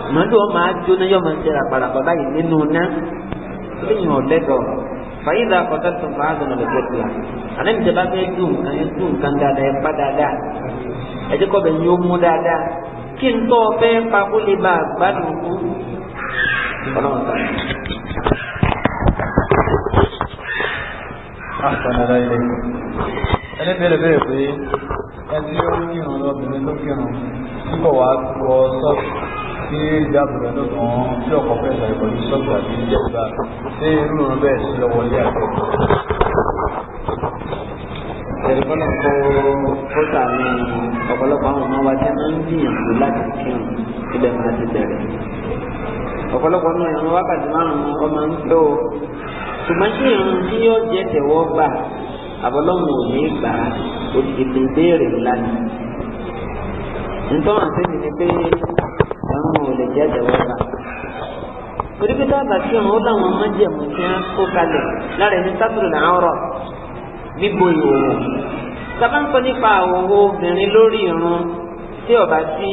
i màálù wọn máa jóná yọ máa ń ṣe ràpàràpà báyìí nínú ná lẹ́yìn ọ̀lẹ́dọ̀ fàyídà kọ́tà tó fà á dùn lè gbé tìlà àlẹ́ mi tẹ́lá fẹ́ dùn nǹkan yẹn dùn nǹkan dáadáa ẹ̀ pa dáadáa ẹ̀ jẹ́ kọ́ bẹ̀ yín ó mú dáadáa kí n tọ́ fẹ́ pa kó lè bá gbádùn kú Àtàlà ilé. Ẹni bẹ̀rẹ̀ bẹ̀rẹ̀ pé ẹni tí ó kírun lọ́bìnrin ló kírun nígbà wá lọ sọ́ọ̀tù tí ìdábòrò ló kàn án tí ọkọ̀ fẹ́ sọ ìkọ̀jú sọ́ọ̀tù àti ìjẹba tí irú ìrun bẹ́ẹ̀ sí lọ́wọ́ ilé àgbẹ̀. Ẹ̀rìkọ́nà kó ó sàmì ọ̀pọ̀lọpọ̀ àwọn ọmọ wa tí wọ́n ń gbìyànjú láti kírun ilẹ̀ máa ti bẹ̀rẹ̀ ọ̀pọ̀lọpọ̀ náà ìrún wákàtí márùn-ún ọmọ ń pẹ́ o ṣùgbọ́n ṣé ìrún tí yóò jẹ́ tẹ̀wọ́ gbà àbọ̀lọ́mù ò ní gbà á òdìdì béèrè ńlá ni. nítorí àti ẹni pé ìrún ò lè jẹ́ tẹ̀wọ́ gbà. torí pé tá a bá sí ìrún ó láwọn májèmú tí wọ́n kó kalẹ̀ lára ẹni sátúrò náà rọ̀ bíbo ìhòòhò. sábà ń sọ nípa àwòwò obìnrin lórí ìrún tí ọba sí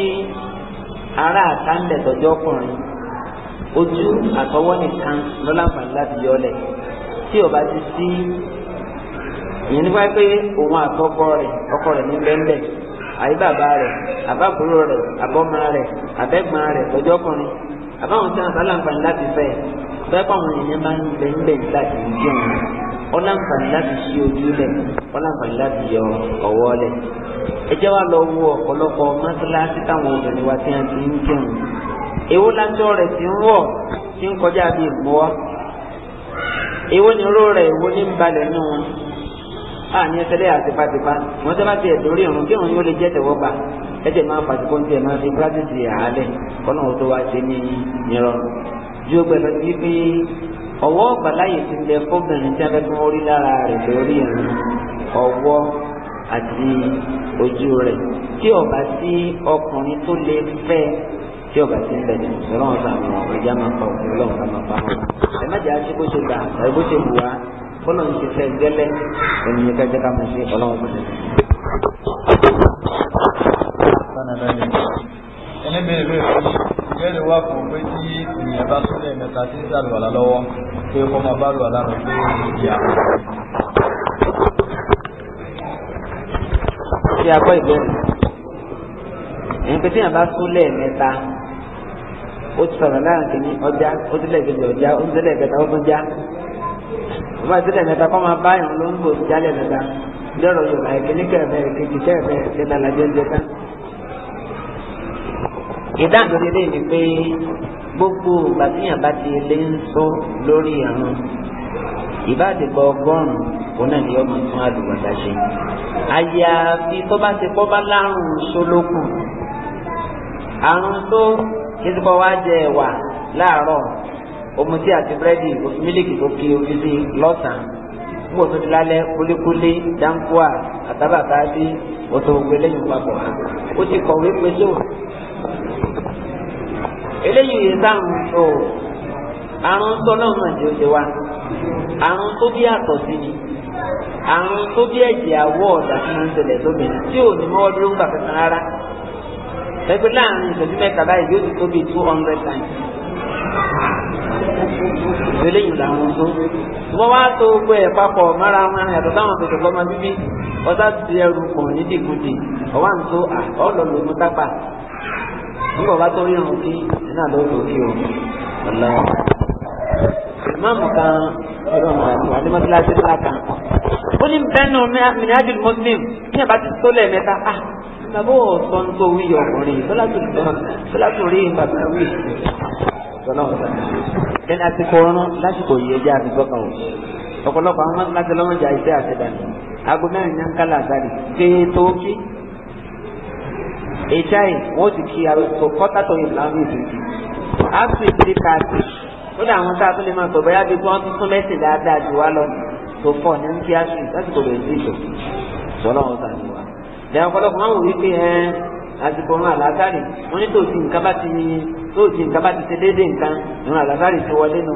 ará àtàǹdẹ̀tọ̀jọ́ ọkùnrin ojú àtọwọ́ nìkan ló láǹfààní láti yọ ọlẹ̀ tí ó bá ti sí ìyẹn nípa pé òun àtọkọ rẹ̀ ọkọ rẹ̀ ní bẹ́ńbẹ́ àyí bàbá rẹ̀ àbábúrò rẹ̀ àbọ́mọ rẹ̀ àbẹ́gbọ́n rẹ̀ lọ́jọ́kùnrin àbáwọn tí wọn bá láǹfààní láti fẹ́ bẹ́ẹ̀ báwọn èèyàn máa ń bẹ́ńbẹ́ láti jẹun ọlànfààní láti ṣí ojú láti yọ lọ wo táwọn èwo lásán rẹ̀ ti ń wọ̀ ti ń kọjá bíi ìbúwọ́ èwo ni ró rẹ̀ èwo ní ń balẹ̀ nù wọn a ní ẹsẹ̀lẹ̀ àti patipa wọ́n sábà tiẹ̀ lórí ìrùn kí òun yóò lè jẹ́ tẹ̀wọ́ gbà ẹ̀jẹ̀ máa fàtìkọ́ ní tiẹ̀ máa fi pírátìsì àálẹ̀ kọ́nà òun tó wá ní ìrọ̀rùn ju ọgbẹ́ lọ ọwọ́ ọ̀gbàláyè ti lẹ fọ́bìnrin tí a fẹ́ fún orí lára rẹ̀ lórí ìrùn ọwọ́ àti ojú rẹ̀ tí ọ̀bà sí ọkùnrin tó lè fẹ́ tí ọba ti ń bẹ ọlọ́run sàn àwọn ọmọ ẹja máa pa òfin ọlọ́run ká máa pa wọn. ẹ má jẹ́ àti bó ṣe gbà àti bó ṣe wùwá bọ́lá ń ṣe fẹ́ gẹ́lẹ́ ènìyàn kájẹ́ ká máa ṣe ọlọ́run fún mi. ẹni bèrè bèrè fún ìbéèrè wà fún pé tí ènìyàn bá tún lè mẹ́ta tí ń sàlù àlá lọ́wọ́ pé kó máa bá lù àlá rẹ̀ pé ìyá. ṣé akọ ìbéèrè? ẹni pé tí èèyàn bá tún lè mẹ́ta ó ti sọ̀rọ̀ láàrin kìíní ọjà ó ti lẹ́ẹ̀kejì ọjà ó ti lẹ́ẹ̀kẹta ó tún já ó bá ti lẹ́ẹ̀mẹta kọ́ máa bá ìrún ló ń gbò jálẹ̀ mẹ́ta lọ́rọ̀ yorùbá ìkíní kẹfẹ́ ìkejì kẹfẹ́ ìkẹta làjẹ́ ń jẹ tán. ìdáǹdó lè ní pé gbogbo ìgbà tíyàn bá ti lé ń sọ lórí ìrún ìbádìgbọ́ ọgọ́rùn-ún náà ni ọmọ tún àdùgbàdà ṣe. àyàfi tó bá ti pọ́ bá lárùn sólókù àrùn tó kíkọ́ wá jẹ ẹ̀wà láàárọ̀ omutí àti búrẹ́dì òfin mílíkì tó kí omi sí lọ́sàn-án nígbà tó ti lálẹ́ kúlíkúlí dáńkúà àtàbàtà bí òtò ògbé lẹ́yìn papọ̀ ó ti kọ̀wé pé tó eléyìí yìí sáàrùn tó àrùn tọ́lọ́mù àti òde wa àrùn tó bí àtọ̀ sí ni àrùn tó bí ẹ̀jẹ̀ àwọ̀ ọ̀dà tí wọ́n ń ṣẹlẹ̀ lómìnira tí ò ní mọ́wọ́ dúró ń gbà rárá pẹ̀pẹ́ láàrin ìṣẹ́jú mẹ́ta báyìí yóò ti tó bíi two hundred times. eléyìí làwọn tó wọ́n wá tó gbé ẹ̀ papọ̀ mọ́ra wọn yàtọ̀ táwọn tètè fọ́ máa bíbí ọ̀tá ti ẹrù pọ̀ ní dìkudì ọ̀wá ń tó ọlọ́lọ́ mú tápà nígbà wá tó rí irun sí iná ló lò kí o ìmáàmù kan ẹ̀rọ màdìmọ̀ adémọ́síláṣí ńlá kan ó ní bẹ́ẹ̀nù mìíràn muslim ní ẹ̀bá ti tó lẹ́ẹ̀mẹ́ta ah bàbá ò sọ ń tó wíyọ ọkùnrin sọlátù rí bàbá wí ẹni àsìkò ọ̀run lásìkò yìí ẹjẹ́ àtìgbọ́kàn o ọ̀pọ̀lọpọ̀ àwọn láti lọ́mọdé àìsí àtẹ̀dàní aago mẹ́rin ní ankala àtàrí pé tó kí èyí táyì wọ́n ti kí àrùn tó kọ́tà tó yẹ láwọn ìdíjì áàpù ìdíjì káàkiri kódà àwọn tá a tún lè máa pè bóyá bí wọ́n ti tún mẹ́sìn dáadáa jù wá lọ tó pọ̀ ní ní kíá sí lásìkò bẹ̀rẹ̀ sí ìjọ sọlọ́ wọn ta ni wa. lẹ́yìn ọ̀pọ̀lọpọ̀ máa ń wí pé ẹ àsìkò ọ̀run àlàkárì wọ́n ní tòsí nǹkan bá ti tòsí nǹkan bá ti ṣe déédéé nǹkan ìrun àlàkárì ti wọlé nù.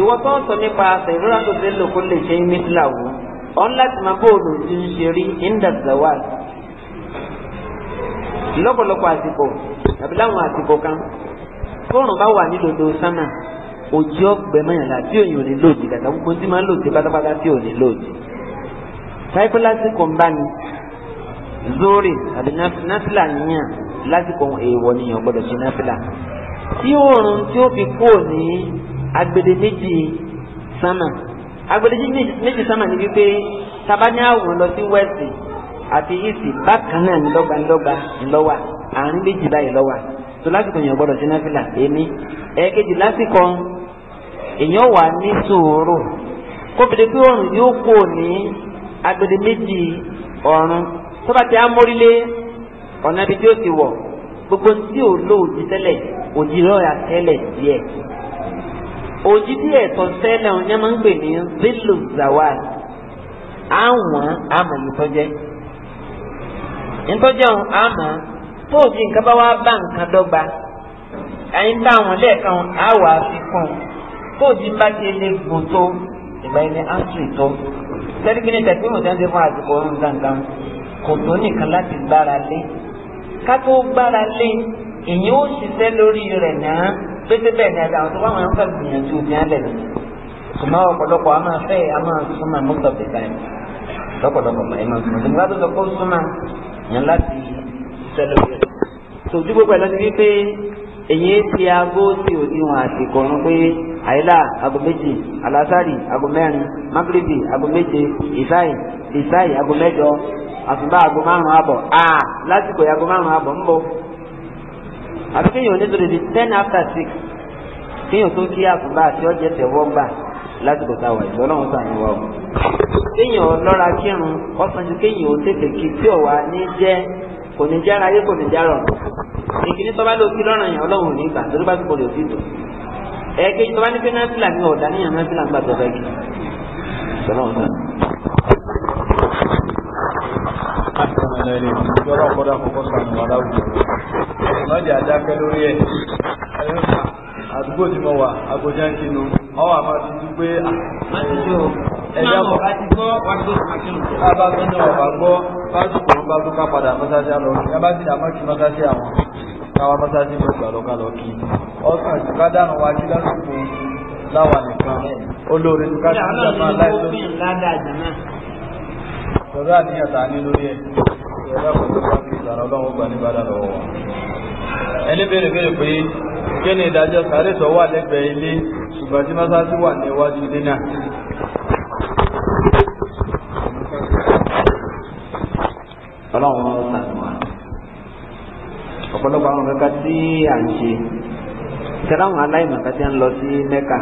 ìwọ tó ń sọ nípa sẹ̀rọ̀rà tó ṣe lò kó lè ṣe ní fúláwù ọ̀n láti máa bóòlù ti ń ṣe rí indazawà lọ́pọ̀lọpọ̀ àsìkò àbí láwọn àsìkò kan fóònù bá wà ní dodo sánà ojú ọgbẹ mọyànlá tí òyìn ò ní lòdì dàgbà gbogbo tí máa ń lòdì pátápátá tí ò ní lòdì. táìpé lásìkò ń bá ní zórí àbí náfìlà yíyàn lásìkò èèwọ̀ nìyàn gbọ́dọ̀ ṣe náfìlà. tí oòrùn tí ó fi kúrò ní agbede méjì sánà agbede méjì sánà ni wípé tabani àwòrán lọ sí wẹ́ẹ̀sì àti ìsì bákan náà ńlọ́gbà ńlọ́gbà ńlọ́wà àárín méjì báyìí lọ́wà tó lásìkò yẹn gbọ́dọ̀ sí náfìlà èmi ẹ̀ẹ́kejì lásìkò èèyàn wà ní sòwòrò kófìdí pé òrùn yóò kó ní agbede méjì ọ̀run tó bá ti amórílé ọ̀nà ibi tí ó ti wọ̀ gbogbo tí ò lò òjì tẹ́lẹ̀ òjì lọ́ọ̀yà tẹ́lẹ̀ díẹ̀ òjì díẹ̀ tọ́ tẹ́lẹ̀ ọ̀nyẹ́ máa ń gbè ní zilu zawal àwọn àmọ̀ nìtọ́jẹ́ nìtọ́jẹ́ àmọ̀ sọ́pọ́ọ̀sì nǹkan bá wá bá nǹkan dọ́gba ẹ̀yin bá wọn lẹ́ẹ̀kan á wà á fi kún un sọ́pọ́ọ̀sì bá ti lè gùn tó ìgbà yẹn ni á sùn ìtọ́ sẹ́dígbìnì tẹ̀sí mo jẹ́ fún àsìkò ọ̀run dandan kò tó nìkan láti gbára lé ká tó gbára lé èyí ó ṣiṣẹ́ lórí rẹ̀ náà pété bẹ́ẹ̀ ni àgbà àwọn tó bá wọn fẹ́ gbìyànjú ní alẹ́ mi ṣùgbọ́n ọ̀pọ̀lọpọ̀ a máa fẹ́ a máa súnmọ́ most of the time lọ́pọ̀lọpọ̀ ẹ̀ máa súnmọ́ ṣùgbọ́n bá tó sọ pé ó súnmọ́ yẹn láti sẹ́lẹ̀ tòjú gbogbo ẹ̀ lọ́sí wípé èyí ti aago tí ò ní wọn àsìkò ọ̀run pé àyílà aago méjì alásàrì aago mẹ́rin magrebi aago méje ìsáì ìsáì aago mẹ́jọ àsùnbà aago márùn-ún àbọ̀ a lásìkò aago márùn-ún àbọ̀ ń bọ̀ àbí kéèyàn nítorí di ten after six kéèyàn tó kí àsùnbà àti ọ̀jẹ̀ tẹ̀wọ́ gbà lásìkò táwa ìgbọ́lọ́hún sàyẹn wà o. kéèyàn lọ́ra kírun ọ̀sán ju kéèyàn ó tètè kí tí ò ní jẹ́ kò ní jára ayé kò ní jára ọ̀rọ̀ ìkíní tó bá lò kí lọ́rùn yẹn ọlọ́run ní ìgbà torí bá kò lè fi tò ẹ̀ẹ́kejì tó bá ní pé náfìlà ní ọ̀dà níyàn náfìlà ń gbà tó fẹ́ àdúgbò tí mo wà, Agbojá ń kinu, ọwọ́ àmọ́ ti dúpẹ́ àti ah, ẹ̀dá kọ́ bá tó ní ọ̀bà gbọ́ bá tó kọ̀ bá tó ká padà mọ́sáṣí àlọ́ kí a bá ti dà mọ́kí mọ́sáṣí àwọn káwa mọ́sáṣí mọ́ ìgbà lọ́ka lọ kí ọkàn tí ká dànù wá sí lásìkò láwa nìkan olóore tí ká sì ń jàpá láìsọ. sọ̀rọ̀ àníyàn tá a ní lórí ẹ̀ ẹ̀dá kọ́ tó bá fi ìlànà ọlọ́run gbà ní bàdà lọ́wọ́ wa. ẹni béèrè béèrè pé kí ni ìdájọ́ sàárè wà lẹ́gbẹ̀ẹ́ ilé ṣùgbọ́n tí mọ́sáṣí wà ní iwájú ilé náà kankan tí à ń ṣe ìtẹ̀láwọn aláìmọ̀ká tí a ń lọ sí mẹ́kà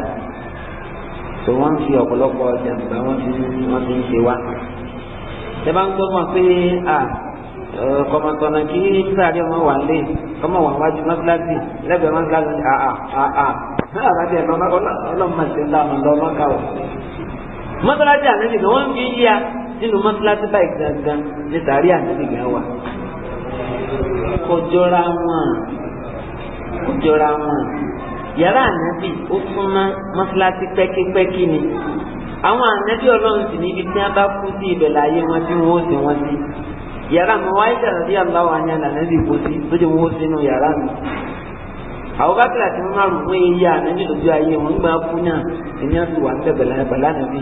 tó wọ́n ń fi ọ̀pọ̀lọpọ̀ jàǹbá wọ́n fi wọ́n fi ń ṣe wá. ṣé bá ń gbọ́ mọ̀ pé à kọ̀mọ̀tọ̀nà kí sáré ọmọ wà lé ọmọ wà wájú mọ́síláṣí lẹ́gbẹ̀ẹ́ mọ́síláṣí àà àà náà láti ẹ̀ lọ́mọ ọlọ́mọ ṣe láàmú lọ mọ́kà wọ̀. kọjọra wọn kọjọra wọn yàrá ànábì ó súnmọ́ mọ́sálásí pẹ́kípẹ́kí ni àwọn ànábì ọlọ́run sì níbi tí wọ́n bá kú sí ibẹ̀ láàyè wọn tí wọ́n ó sì wọ́n sí yàrá mi wáyé sàrẹ́bí aláwọ̀ àyàn ànábì kú sí tó jẹ́ ó sínú yàrá mi àwọn wọn máa rò ànábì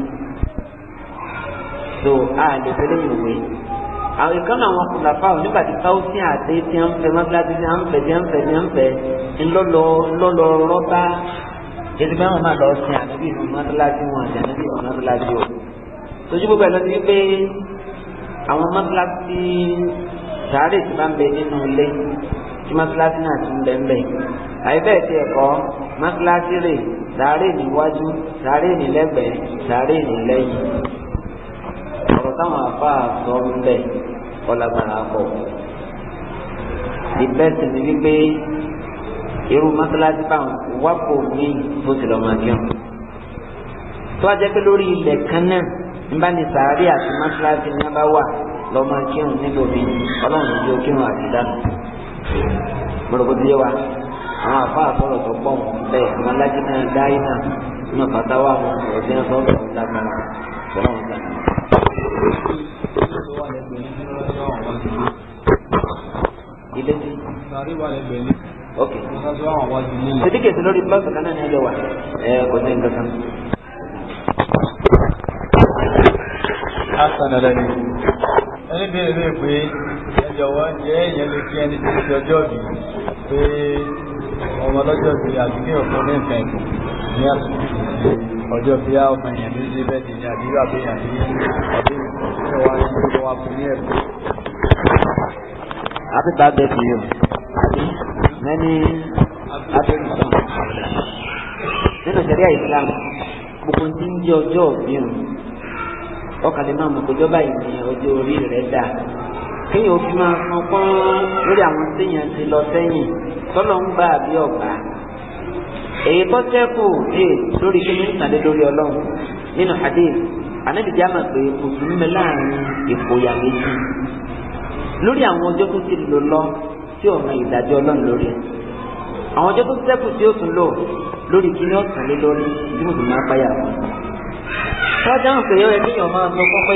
so a lè fẹ́ àwọn ìkànnì àwọn kùlàfà nígbà tí káwọ́sì àti tí a ń fẹ́ mọ́tíláṣí tí a ń fẹ́ tí a ń fẹ́ tí a ń fẹ́ ńlọ́lọ́ ńlọ́lọ́ rọ́bà ètò ìgbà wọn máa lọ sin ànábì ìlú mọ́tíláṣí wọn àti ànábì ìlú mọ́tíláṣí o. sojú gbogbo ẹ̀ lọ sí pé àwọn mọ́tíláṣí sàárè tí bá ń bẹ nínú ilé tí mọ́tíláṣí náà ti ń bẹ ń bẹ àyíbẹ̀ tí ẹ̀kọ́ mọ́tíláṣí táwọn àfa sọ ń bẹ̀ ọlágbára pọ̀ the best ni wípé irú mọ́sálásí báwọn wápò ní tó ti lọ́ọ́ máa kí wọn. tó a jẹ́ pé lórí ilẹ̀ kan náà nígbà ní sàárì àti mọ́sálásí ní wọ́n bá wà lọ́ọ́ máa kí wọn nílò mi ọlọ́run yóò kí wọn àti dáná. gbọ́dọ̀gbọ́dọ̀ yé wa àwọn àfa àfọ̀rọ̀ tó pọ̀ wọn bẹ́ẹ̀ àwọn alájí náà dáì náà nínú fatawa wọn ọ̀sẹ̀ ń sọ́ọ́ ilé tí. sàrí wà ok sèdíkèsì lórí búlọ́ọ̀kì kan náà ní ẹjọ́ wa ẹ kò sí nǹkan kan. hasan alani ẹni bèrè lè pé ẹjọ́ wa jẹ́ ẹ̀yẹ́ lè kí ẹni tí ti ọjọ́ bí pé ọmọ lọ́jọ́ bí àdúgbò ọ̀kan ní nǹkan ẹ̀kọ́ ní àsìkò ọjọ́ bí a ọmọ èèyàn ní ilé bẹ́ẹ̀ ni àdúgbò àbẹ̀yàn ní ọdún wa ní gbogbo wa fún ní ẹ̀kọ́. happy birthday to you many happy birthday. nínú sẹ́ríà Islam gbogbo ti ń jẹ́ ọjọ́ òbí o ọkàn lè máa mọ̀ pé ọjọ́ báyìí ni ọjọ́ orí rẹ̀ dà kéèyàn fi máa san pọ́n lórí àwọn téèyàn ti lọ sẹ́yìn tọ́lọ́ ń gbà bí ọ̀gbà èyí tó sẹ́kù dé lórí kí ní ìtàlẹ́ lórí ọlọ́run nínú hadith anábìjá mọ̀ pé mùsùlùmí mi láàrin ìfòyà méjì lórí àwọn ọjọ́ tó ti lò lọ tí ọ̀nà ìdájọ́ ọlọ́run lórí àwọn ọjọ́ tó sẹ́kù tí ó tún lò lórí kí ni ó tàn lé lórí tí mùsùlùmí á páyà fún un tọ́jà ń pè é ẹlẹ́yìn ọmọ ọmọ fún pé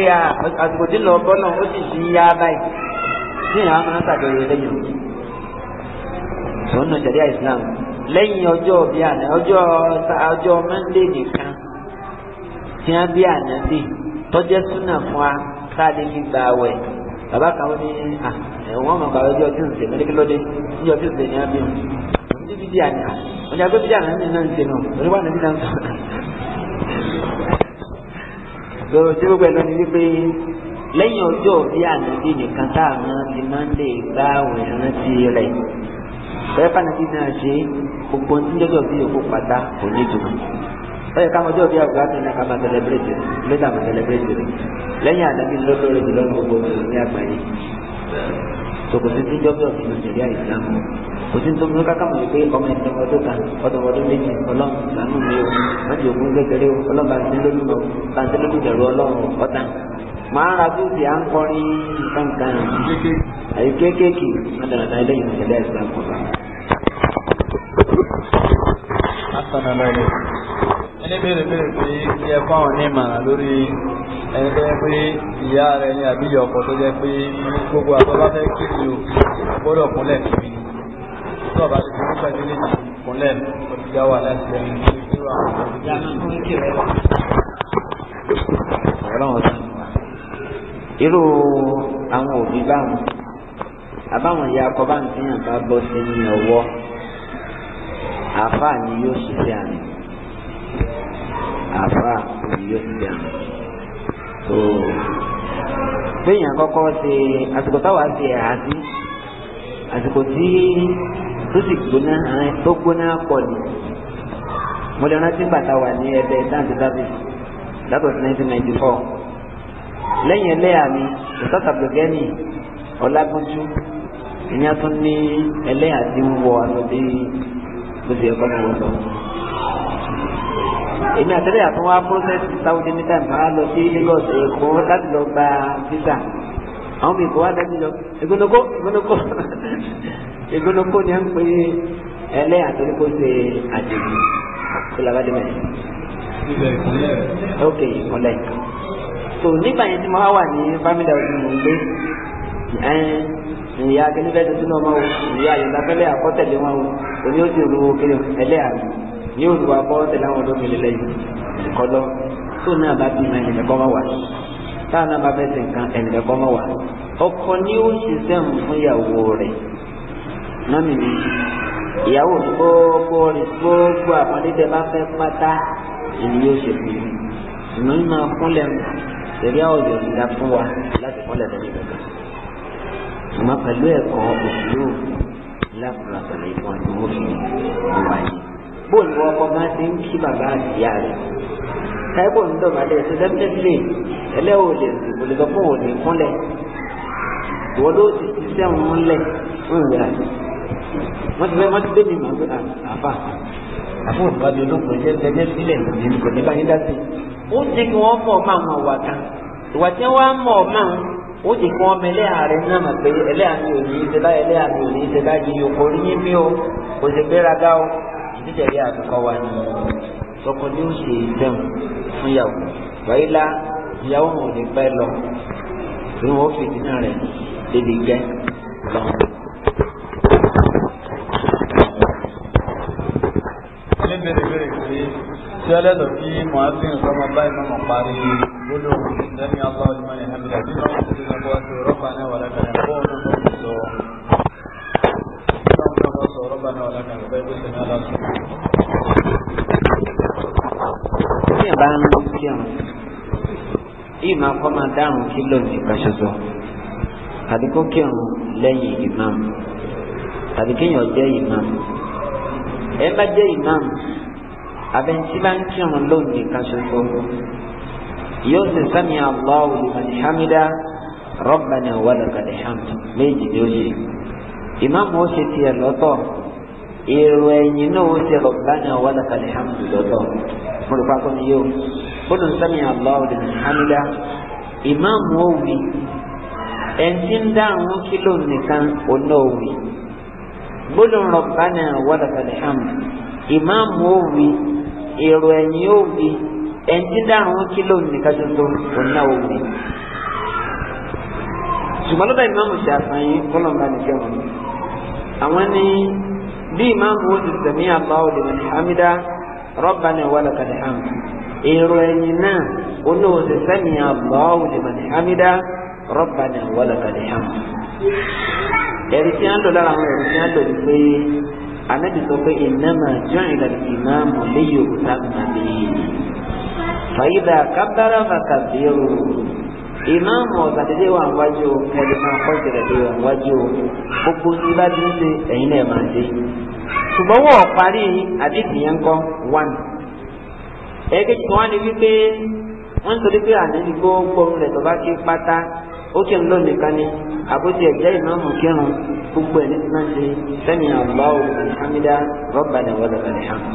àsìkò tí lọ bọ́ náà ó sì ṣí yá báyìí ní ìhàn máa ń ṣàjọyọ̀ ẹlẹ́yìn òun nù sẹ̀ríà Islam lẹ́yìn ọjọ́ bíi àná ọjọ́ ọjọ́ Monday nìkan tí wọ́n bí ànábì tọ́jẹ́ súnà fún wa káàdé fi gba àwẹ̀ bàbá kan ó ní wọ́n mọ̀ gbàgbé ọjọ́ tíǹsì mẹ́lẹ́kẹ́lọ́dé ní ọjọ́ tíǹsì ní abíyàn ní bíbí àná wọ́n yà gbé bíbí àná nínú ìṣe náà oníwà nàbí náà ń sọ. lọ́wọ́ tí gbogbo ẹ̀ lọ ni wípé lẹ́yìn ọjọ́ bí ànábì nìkan tá a máa ti máa ń lè gbá àwẹ̀ rántí rẹ̀ bẹ́ẹ̀ fànàbí náà ṣe gbogbo ní jọ́jọ́ bí òkú pátá kò ní ìtumọ̀ ẹ ká ọjọ́ bí àgbà tó ní ká máa celebrate ló dà máa celebrate rẹ̀ lẹ́yìn ànábì lólórí jùlọ ní gbogbo mùsùlùmí àgbáyé sòkò sí tí jọ́bí tu ló tẹ̀lé àìsàn kò sí tó múlò kákà mọ̀ pé ọmọ ẹ̀sìn ọdún kan ọdún ọdún ni ọlọ́run sànú mi o wọ́n ti òkun kékeré o ọlọ́run bá ń sin lólu lọ bá ń sin lólu dẹ̀rù ọlọ́run ọ̀tá màá ra bíbí à ń kọrin kankan àyè kéékèèké ọ̀dàdàdà eléyìí ẹni béèrè béèrè pé kí ẹ fáwọn ní ìmọ̀ràn lórí ẹni tó yẹ pé ìyá rẹ ní àbíyọ ọkọ tó jẹ pé gbogbo àbọ̀bá fẹ́ kí ni o gbọ́dọ̀ kúnlẹ̀ kiri ni tó ọba ti fi pẹ́ sílé jù kúnlẹ̀ òtítọ́ wà láti ẹni tó ń kí wà. irú àwọn òbí báwọn àbáwọn ìyá akọ bá ń tiyàn bá bọ́ sí ní ọwọ́ àáfàá ni yóò ṣiṣẹ́ àná àfa òbíyó dà so gbẹ̀yìn àkọ́kọ́ ṣe àsìkò táwa ṣe àti àsìkò tí tó sì gbóná tó gbóná pọ̀ ní mo lè rántí bàtà wà ní ẹgbẹ́ dáńtì service that was nineteen ninety four lẹ́yìn ẹlẹ́yà mi ìsọ́tà gbẹ̀gẹ́nì ọ̀làgúnjú ìyẹn tún ní ẹlẹ́yà tí ń wọ àlọ́ bí bó ṣe ẹ̀kọ́ náà wọ́n lọ èmi àtẹ́lẹ̀ àtún wá prọ́sẹ̀sì sáwọ́dé níta ìgbà lọ sí Lagos Èkó láti lọ gba visa àwọn mi kò dájú lọ ìgbónokó ìgbónokó ìgbónokó ni à ń pè é ẹlẹ́ àtúnkò ṣe àjèjì kó la bá dé ok ìkúnlẹ̀ so nígbà yẹn tí mo wà ní family ọ̀sùn mò ń gbé ìyá akẹ́lẹ́fẹ́ tuntun náà máa wò ìyá àyẹ̀dá fẹ́lẹ́ àkọ́tẹ̀lé wọn wò òní ó sì rú kéré ẹlẹ́ àrùn ní olùwà kọ́ tẹ̀lé àwọn ọdún mi lélẹ̀ yìí kọ́lọ́ tó náà bá bímọ ẹnìkan kọ́ mọ́ wà tá a náà bá fẹ́ sìn kan ẹnìkan kọ́ mọ́ wà ọkọ ni ó ṣiṣẹ́ fún ìyàwó rẹ̀ mọ́mì mi ìyàwó mi gbogbo rẹ̀ gbogbo àpọ́nlé tẹ bá fẹ́ pátá èmi yóò ṣe fún mi ìmọ̀ ní máa kúnlẹ̀ mu tẹ̀lé àwọn ọ̀dọ̀ ìdá fún wa láti kúnlẹ̀ lẹ́yìn kankan ìmọ̀ pẹ̀lú ẹ̀kọ́ òṣèlú láti ra pẹ̀lú ìfọ̀n ìmọ̀ òṣèlú bóòlù wọn kọ́ máa ti ń kí bàbá àti ìyá rẹ̀ táìpọ̀ ń dọ̀bálẹ̀ ṣe dẹ́pẹ́tẹ́lẹ̀ ẹlẹ́wọ̀ lè olùkọ́ fún òní fúnlẹ̀ wọ́n ló ti ṣiṣẹ́ òun lẹ̀ fún ìrìn àjò wọ́n ti fẹ́ wọ́n ti dé mi mọ̀ pé àfà àfọ̀ ìbábi olókùn jẹ́ ẹgbẹ́ sílẹ̀ nìyí kò ní bá yín dá sí ó ti kí wọ́n mọ̀ máa wọn wà kan ìwà tí wọ́n mọ̀ máa ó ti kí wọ́n mọ ẹlẹ́yà rẹ̀ náà mọ̀ pé ẹlẹ́yà mi ò ní í ṣe báyìí ẹlẹ́yà mi ò ní yín mi ò kò sì gbéraga o títẹ̀lé àtúkọ́ wa ni tọkọ ni ó ṣe ìfẹ́hùn fún yàwó wáyílá ìyàwó wọn ò ní pẹ́ lọ bí wọ́n fi dínà rẹ̀ lédè gẹ́ lọ. ní bèrèbèrè pé tí ọlẹ́dọ̀ kí mọ̀ásìn sọmọ báyìí mọ̀mọ́ parí gbólóhùn lẹ́ni ọlọ́ọ̀lùmọ́ni hàmìlẹ̀ tí wọ́n ti ṣe lọ́wọ́ tó rọ́pà náà wà lẹ́kẹ̀ẹ́ fóònù náà. ìmọ̀ akọ́ máa dárun kílò nìkan ṣoṣo tàbí kó kírun lẹ́yìn imam tàbí kéèyàn jẹ́ imam ẹ bá jẹ́ imam abẹ́ntí bá ń kírun lóun nìkan ṣoṣo yóò sì sami Allahu liman hamida rabbana wa lakal hamd méjì ni ó ṣe imam ó ṣe tiẹ̀ lọ́tọ̀ èrò ẹ̀yìn náà ó ṣe rabbana wa lakal hamd lọ́tọ̀ mo rò pákó ni yóò bọ́dọ̀ sami Allahu liman hamida ìmáàmù òwì ẹ̀ǹtí ń dá àwọn kílò nìkan ọ̀nà òwì bọ́dọ̀ rabbana walakal hamd ìmáàmù òwì èrò ẹ̀yìn òwì ẹ̀ǹtí ń dá àwọn kílò nìkan tuntun ọ̀nà òwì. ṣùgbọ́n lọ́dọ̀ ìmáàmù Ṣàfi'í kọ́lọ̀mbà nìkẹ́ wọn àwọn ní bí ìmáàmù òwì sami Allahu liman hamida rabbana walakal hamd èrò ẹ̀yìn náà olóòsè sẹ́mi Allahu liman hamida rabbana walakal hamd. ẹ̀rí tí a ń lò lára àwọn ẹ̀rí tí a ń lò ní pé anabi sọ pé innama ju'ila al-imamu liyutamma bihi fa idha kabbara fakabbiru ìmáàmù ọ̀sàdédé wà wájú ẹni máa kọ́ ìṣẹ̀lẹ̀ wà wájú gbogbo tí bá ti ń ṣe ẹ̀yin náà máa ṣe. ṣùgbọ́n wọ́n parí àdéhùn yẹn ń kọ́ one. ẹ̀ẹ́kejì nwanne gị ní wípé wọ́n sọ wípé ànábi gbogbo ohun rẹ̀ tó bá ké pátá ó kí n lò nìkan ni àbótí ẹ̀jẹ̀ kírun gbogbo ẹ̀ ní ti máa ń ṣe sẹ́mi Allahu alhamida rabbana wa lakal hamd.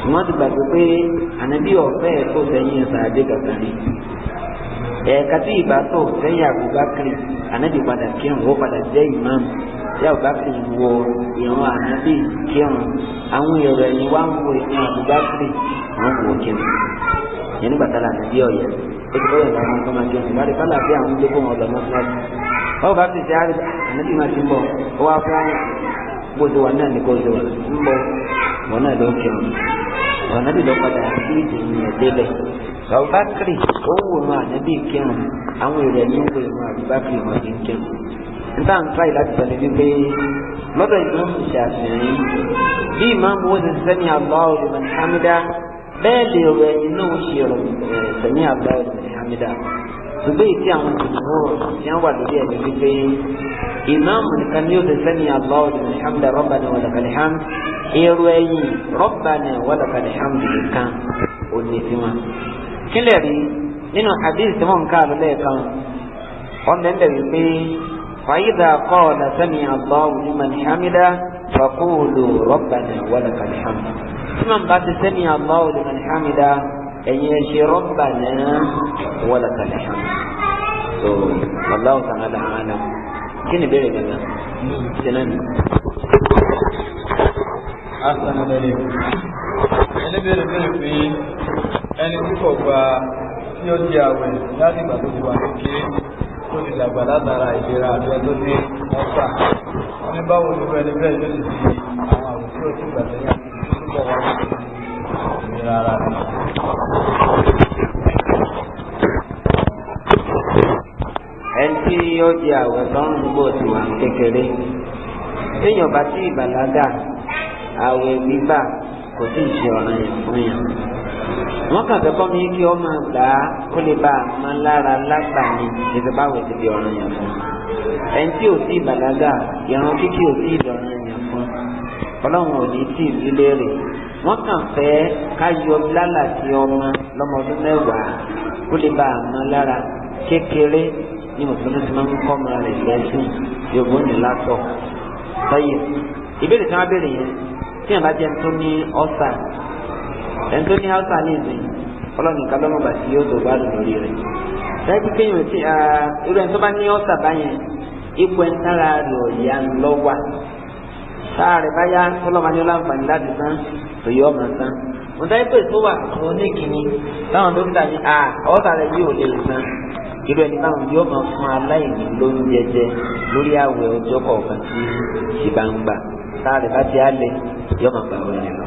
ṣùgbọ́n ti gbàgbé pé ànábi ọ̀fẹ́ ẹ̀kọ́ sẹ́yìn sàádé gàgbà ni ẹ̀ẹ̀ka tí sẹ́yìn àbúgbà kiri padà kírun ó padà jẹ́ yàwó bá fi wọ ìran ànábì kírun àwọn èrò ẹ̀yìn wá ń wo ìran àbúgbàkiri wọn wò kírun yẹn nígbà tá a lànà bí ọ̀yẹ́ ó ti bọ́yọ̀ láwọn ọmọ ọmọdé ọ̀sìn láti fálà bí àwọn ilé fún ọ̀dọ̀ mọ́sálásí ọ bá fi ṣe àrẹ ànábì máa ti ń bọ̀ ó wá fún gbòdò wà náà ní gbòdò wà ń bọ̀ wọn náà ló kírun wọn náà ló padà sí ìdìyàn débẹ̀ ọ̀bákiri ó wò wọn ànábì kírun àwọn èrò ẹ̀yìn wò ìran àbúgbàkiri wọn níta ń tíráyì láti sọ ní wípé lọ́dọ̀ ìmáàmù Ṣàfi'í bí ìmáàmù wọ́n ti sẹ́ni Allahu liman hamida bẹ́ẹ̀ lè rẹ̀ inú ṣe rọ̀ sẹ́ni Allahu liman hamida ṣùgbọ́n ìdí àwọn ìdìbò ní wà lórí ẹ̀mí wípé ìmáàmù nìkan ni ó ti sẹ́ni Allahu liman hamida rabbana wa lakal hamd èrò eh, ẹ̀yìn rabbana wa lakal hamd nìkan ò ní tiwọn. kílẹ̀ rí nínú hadith tí wọ́n ń ká lọ́lẹ́ kan wọ́n bẹ̀rẹ̀ wípé فإذا قال سمع الله لمن حمده فقولوا ربنا ولك الحمد ثم بعد سمع الله لمن حمده أن يشي ربنا ولك الحمد so, والله تعالى أعلم كن بيري كذا سنن أحسن إليك ẹni bèrè bèrè pé ẹni tí kò gba tí ó di àwẹ̀ láti ìgbà tó ti wà kékeré tó lè dàgbà látara ìlera àbẹ tó ní ọgbà wọn ní báwo ló bẹ ní bẹ́ẹ̀ ló sì di àwọn àrùn tí ó ti gbà lẹ́yìn àti ìdúgbò wọn ìlera ara rẹ̀. ẹni tí ó di àwẹ̀ tó ń kékeré téèyàn bá sí ìbàlágà àwẹ̀ gbígbà kò tí ì ṣe ọ̀ràn yẹn fún yàn wọ́n kàn fẹ́ kọ́ mi kí ọ máa gbà á kó lè bá a máa lára lágbà ni ètò báwo ti di ọ̀ràn yẹn fún ẹni tí ò sí ìbàlágà ìran kíkí ò sí ìdọ̀ràn yẹn fún ọlọ́run ò ní tì í lérè wọ́n kàn fẹ́ ká yọ lálà sí ọmọ lọ́mọ ọdún mẹ́wàá kó lè bá a máa lára kékeré ní mùsùlùmí ti máa ń kọ́ ọmọ rẹ̀ lẹ́sìn yòówó ní látọ̀ tọ́yẹ̀ ìbéèrè tí wọ́n á béèrè yẹn tí yàrá jẹun tó ní ọ́sà ẹni tó ní hausa ní ìsìn ọlọ́run nìkan lọ́mọ bá sí yóò tó bá lù lórí rẹ̀ dájú kéèyàn tí irú ẹni tó bá ní hausa báyẹn ipò ẹni tára lò yá ń lọ wà táà rẹ̀ bá yá ọlọ́mọ ní ọlọ́ǹfààní láti san tó yọ ọmọ san wọ́n dájú pé tó wà àwọn oníkìíní táwọn dókítà ní à ọ̀sà rẹ̀ yóò lè san irú ẹni báwọn yóò máa fún aláìní lóúnjẹ jẹ lórí àwẹ̀ ọjọ́ kọ̀ọ̀kan tí ìbá ń bá ti á lẹ̀ yóò máa gbà wọlé lọ.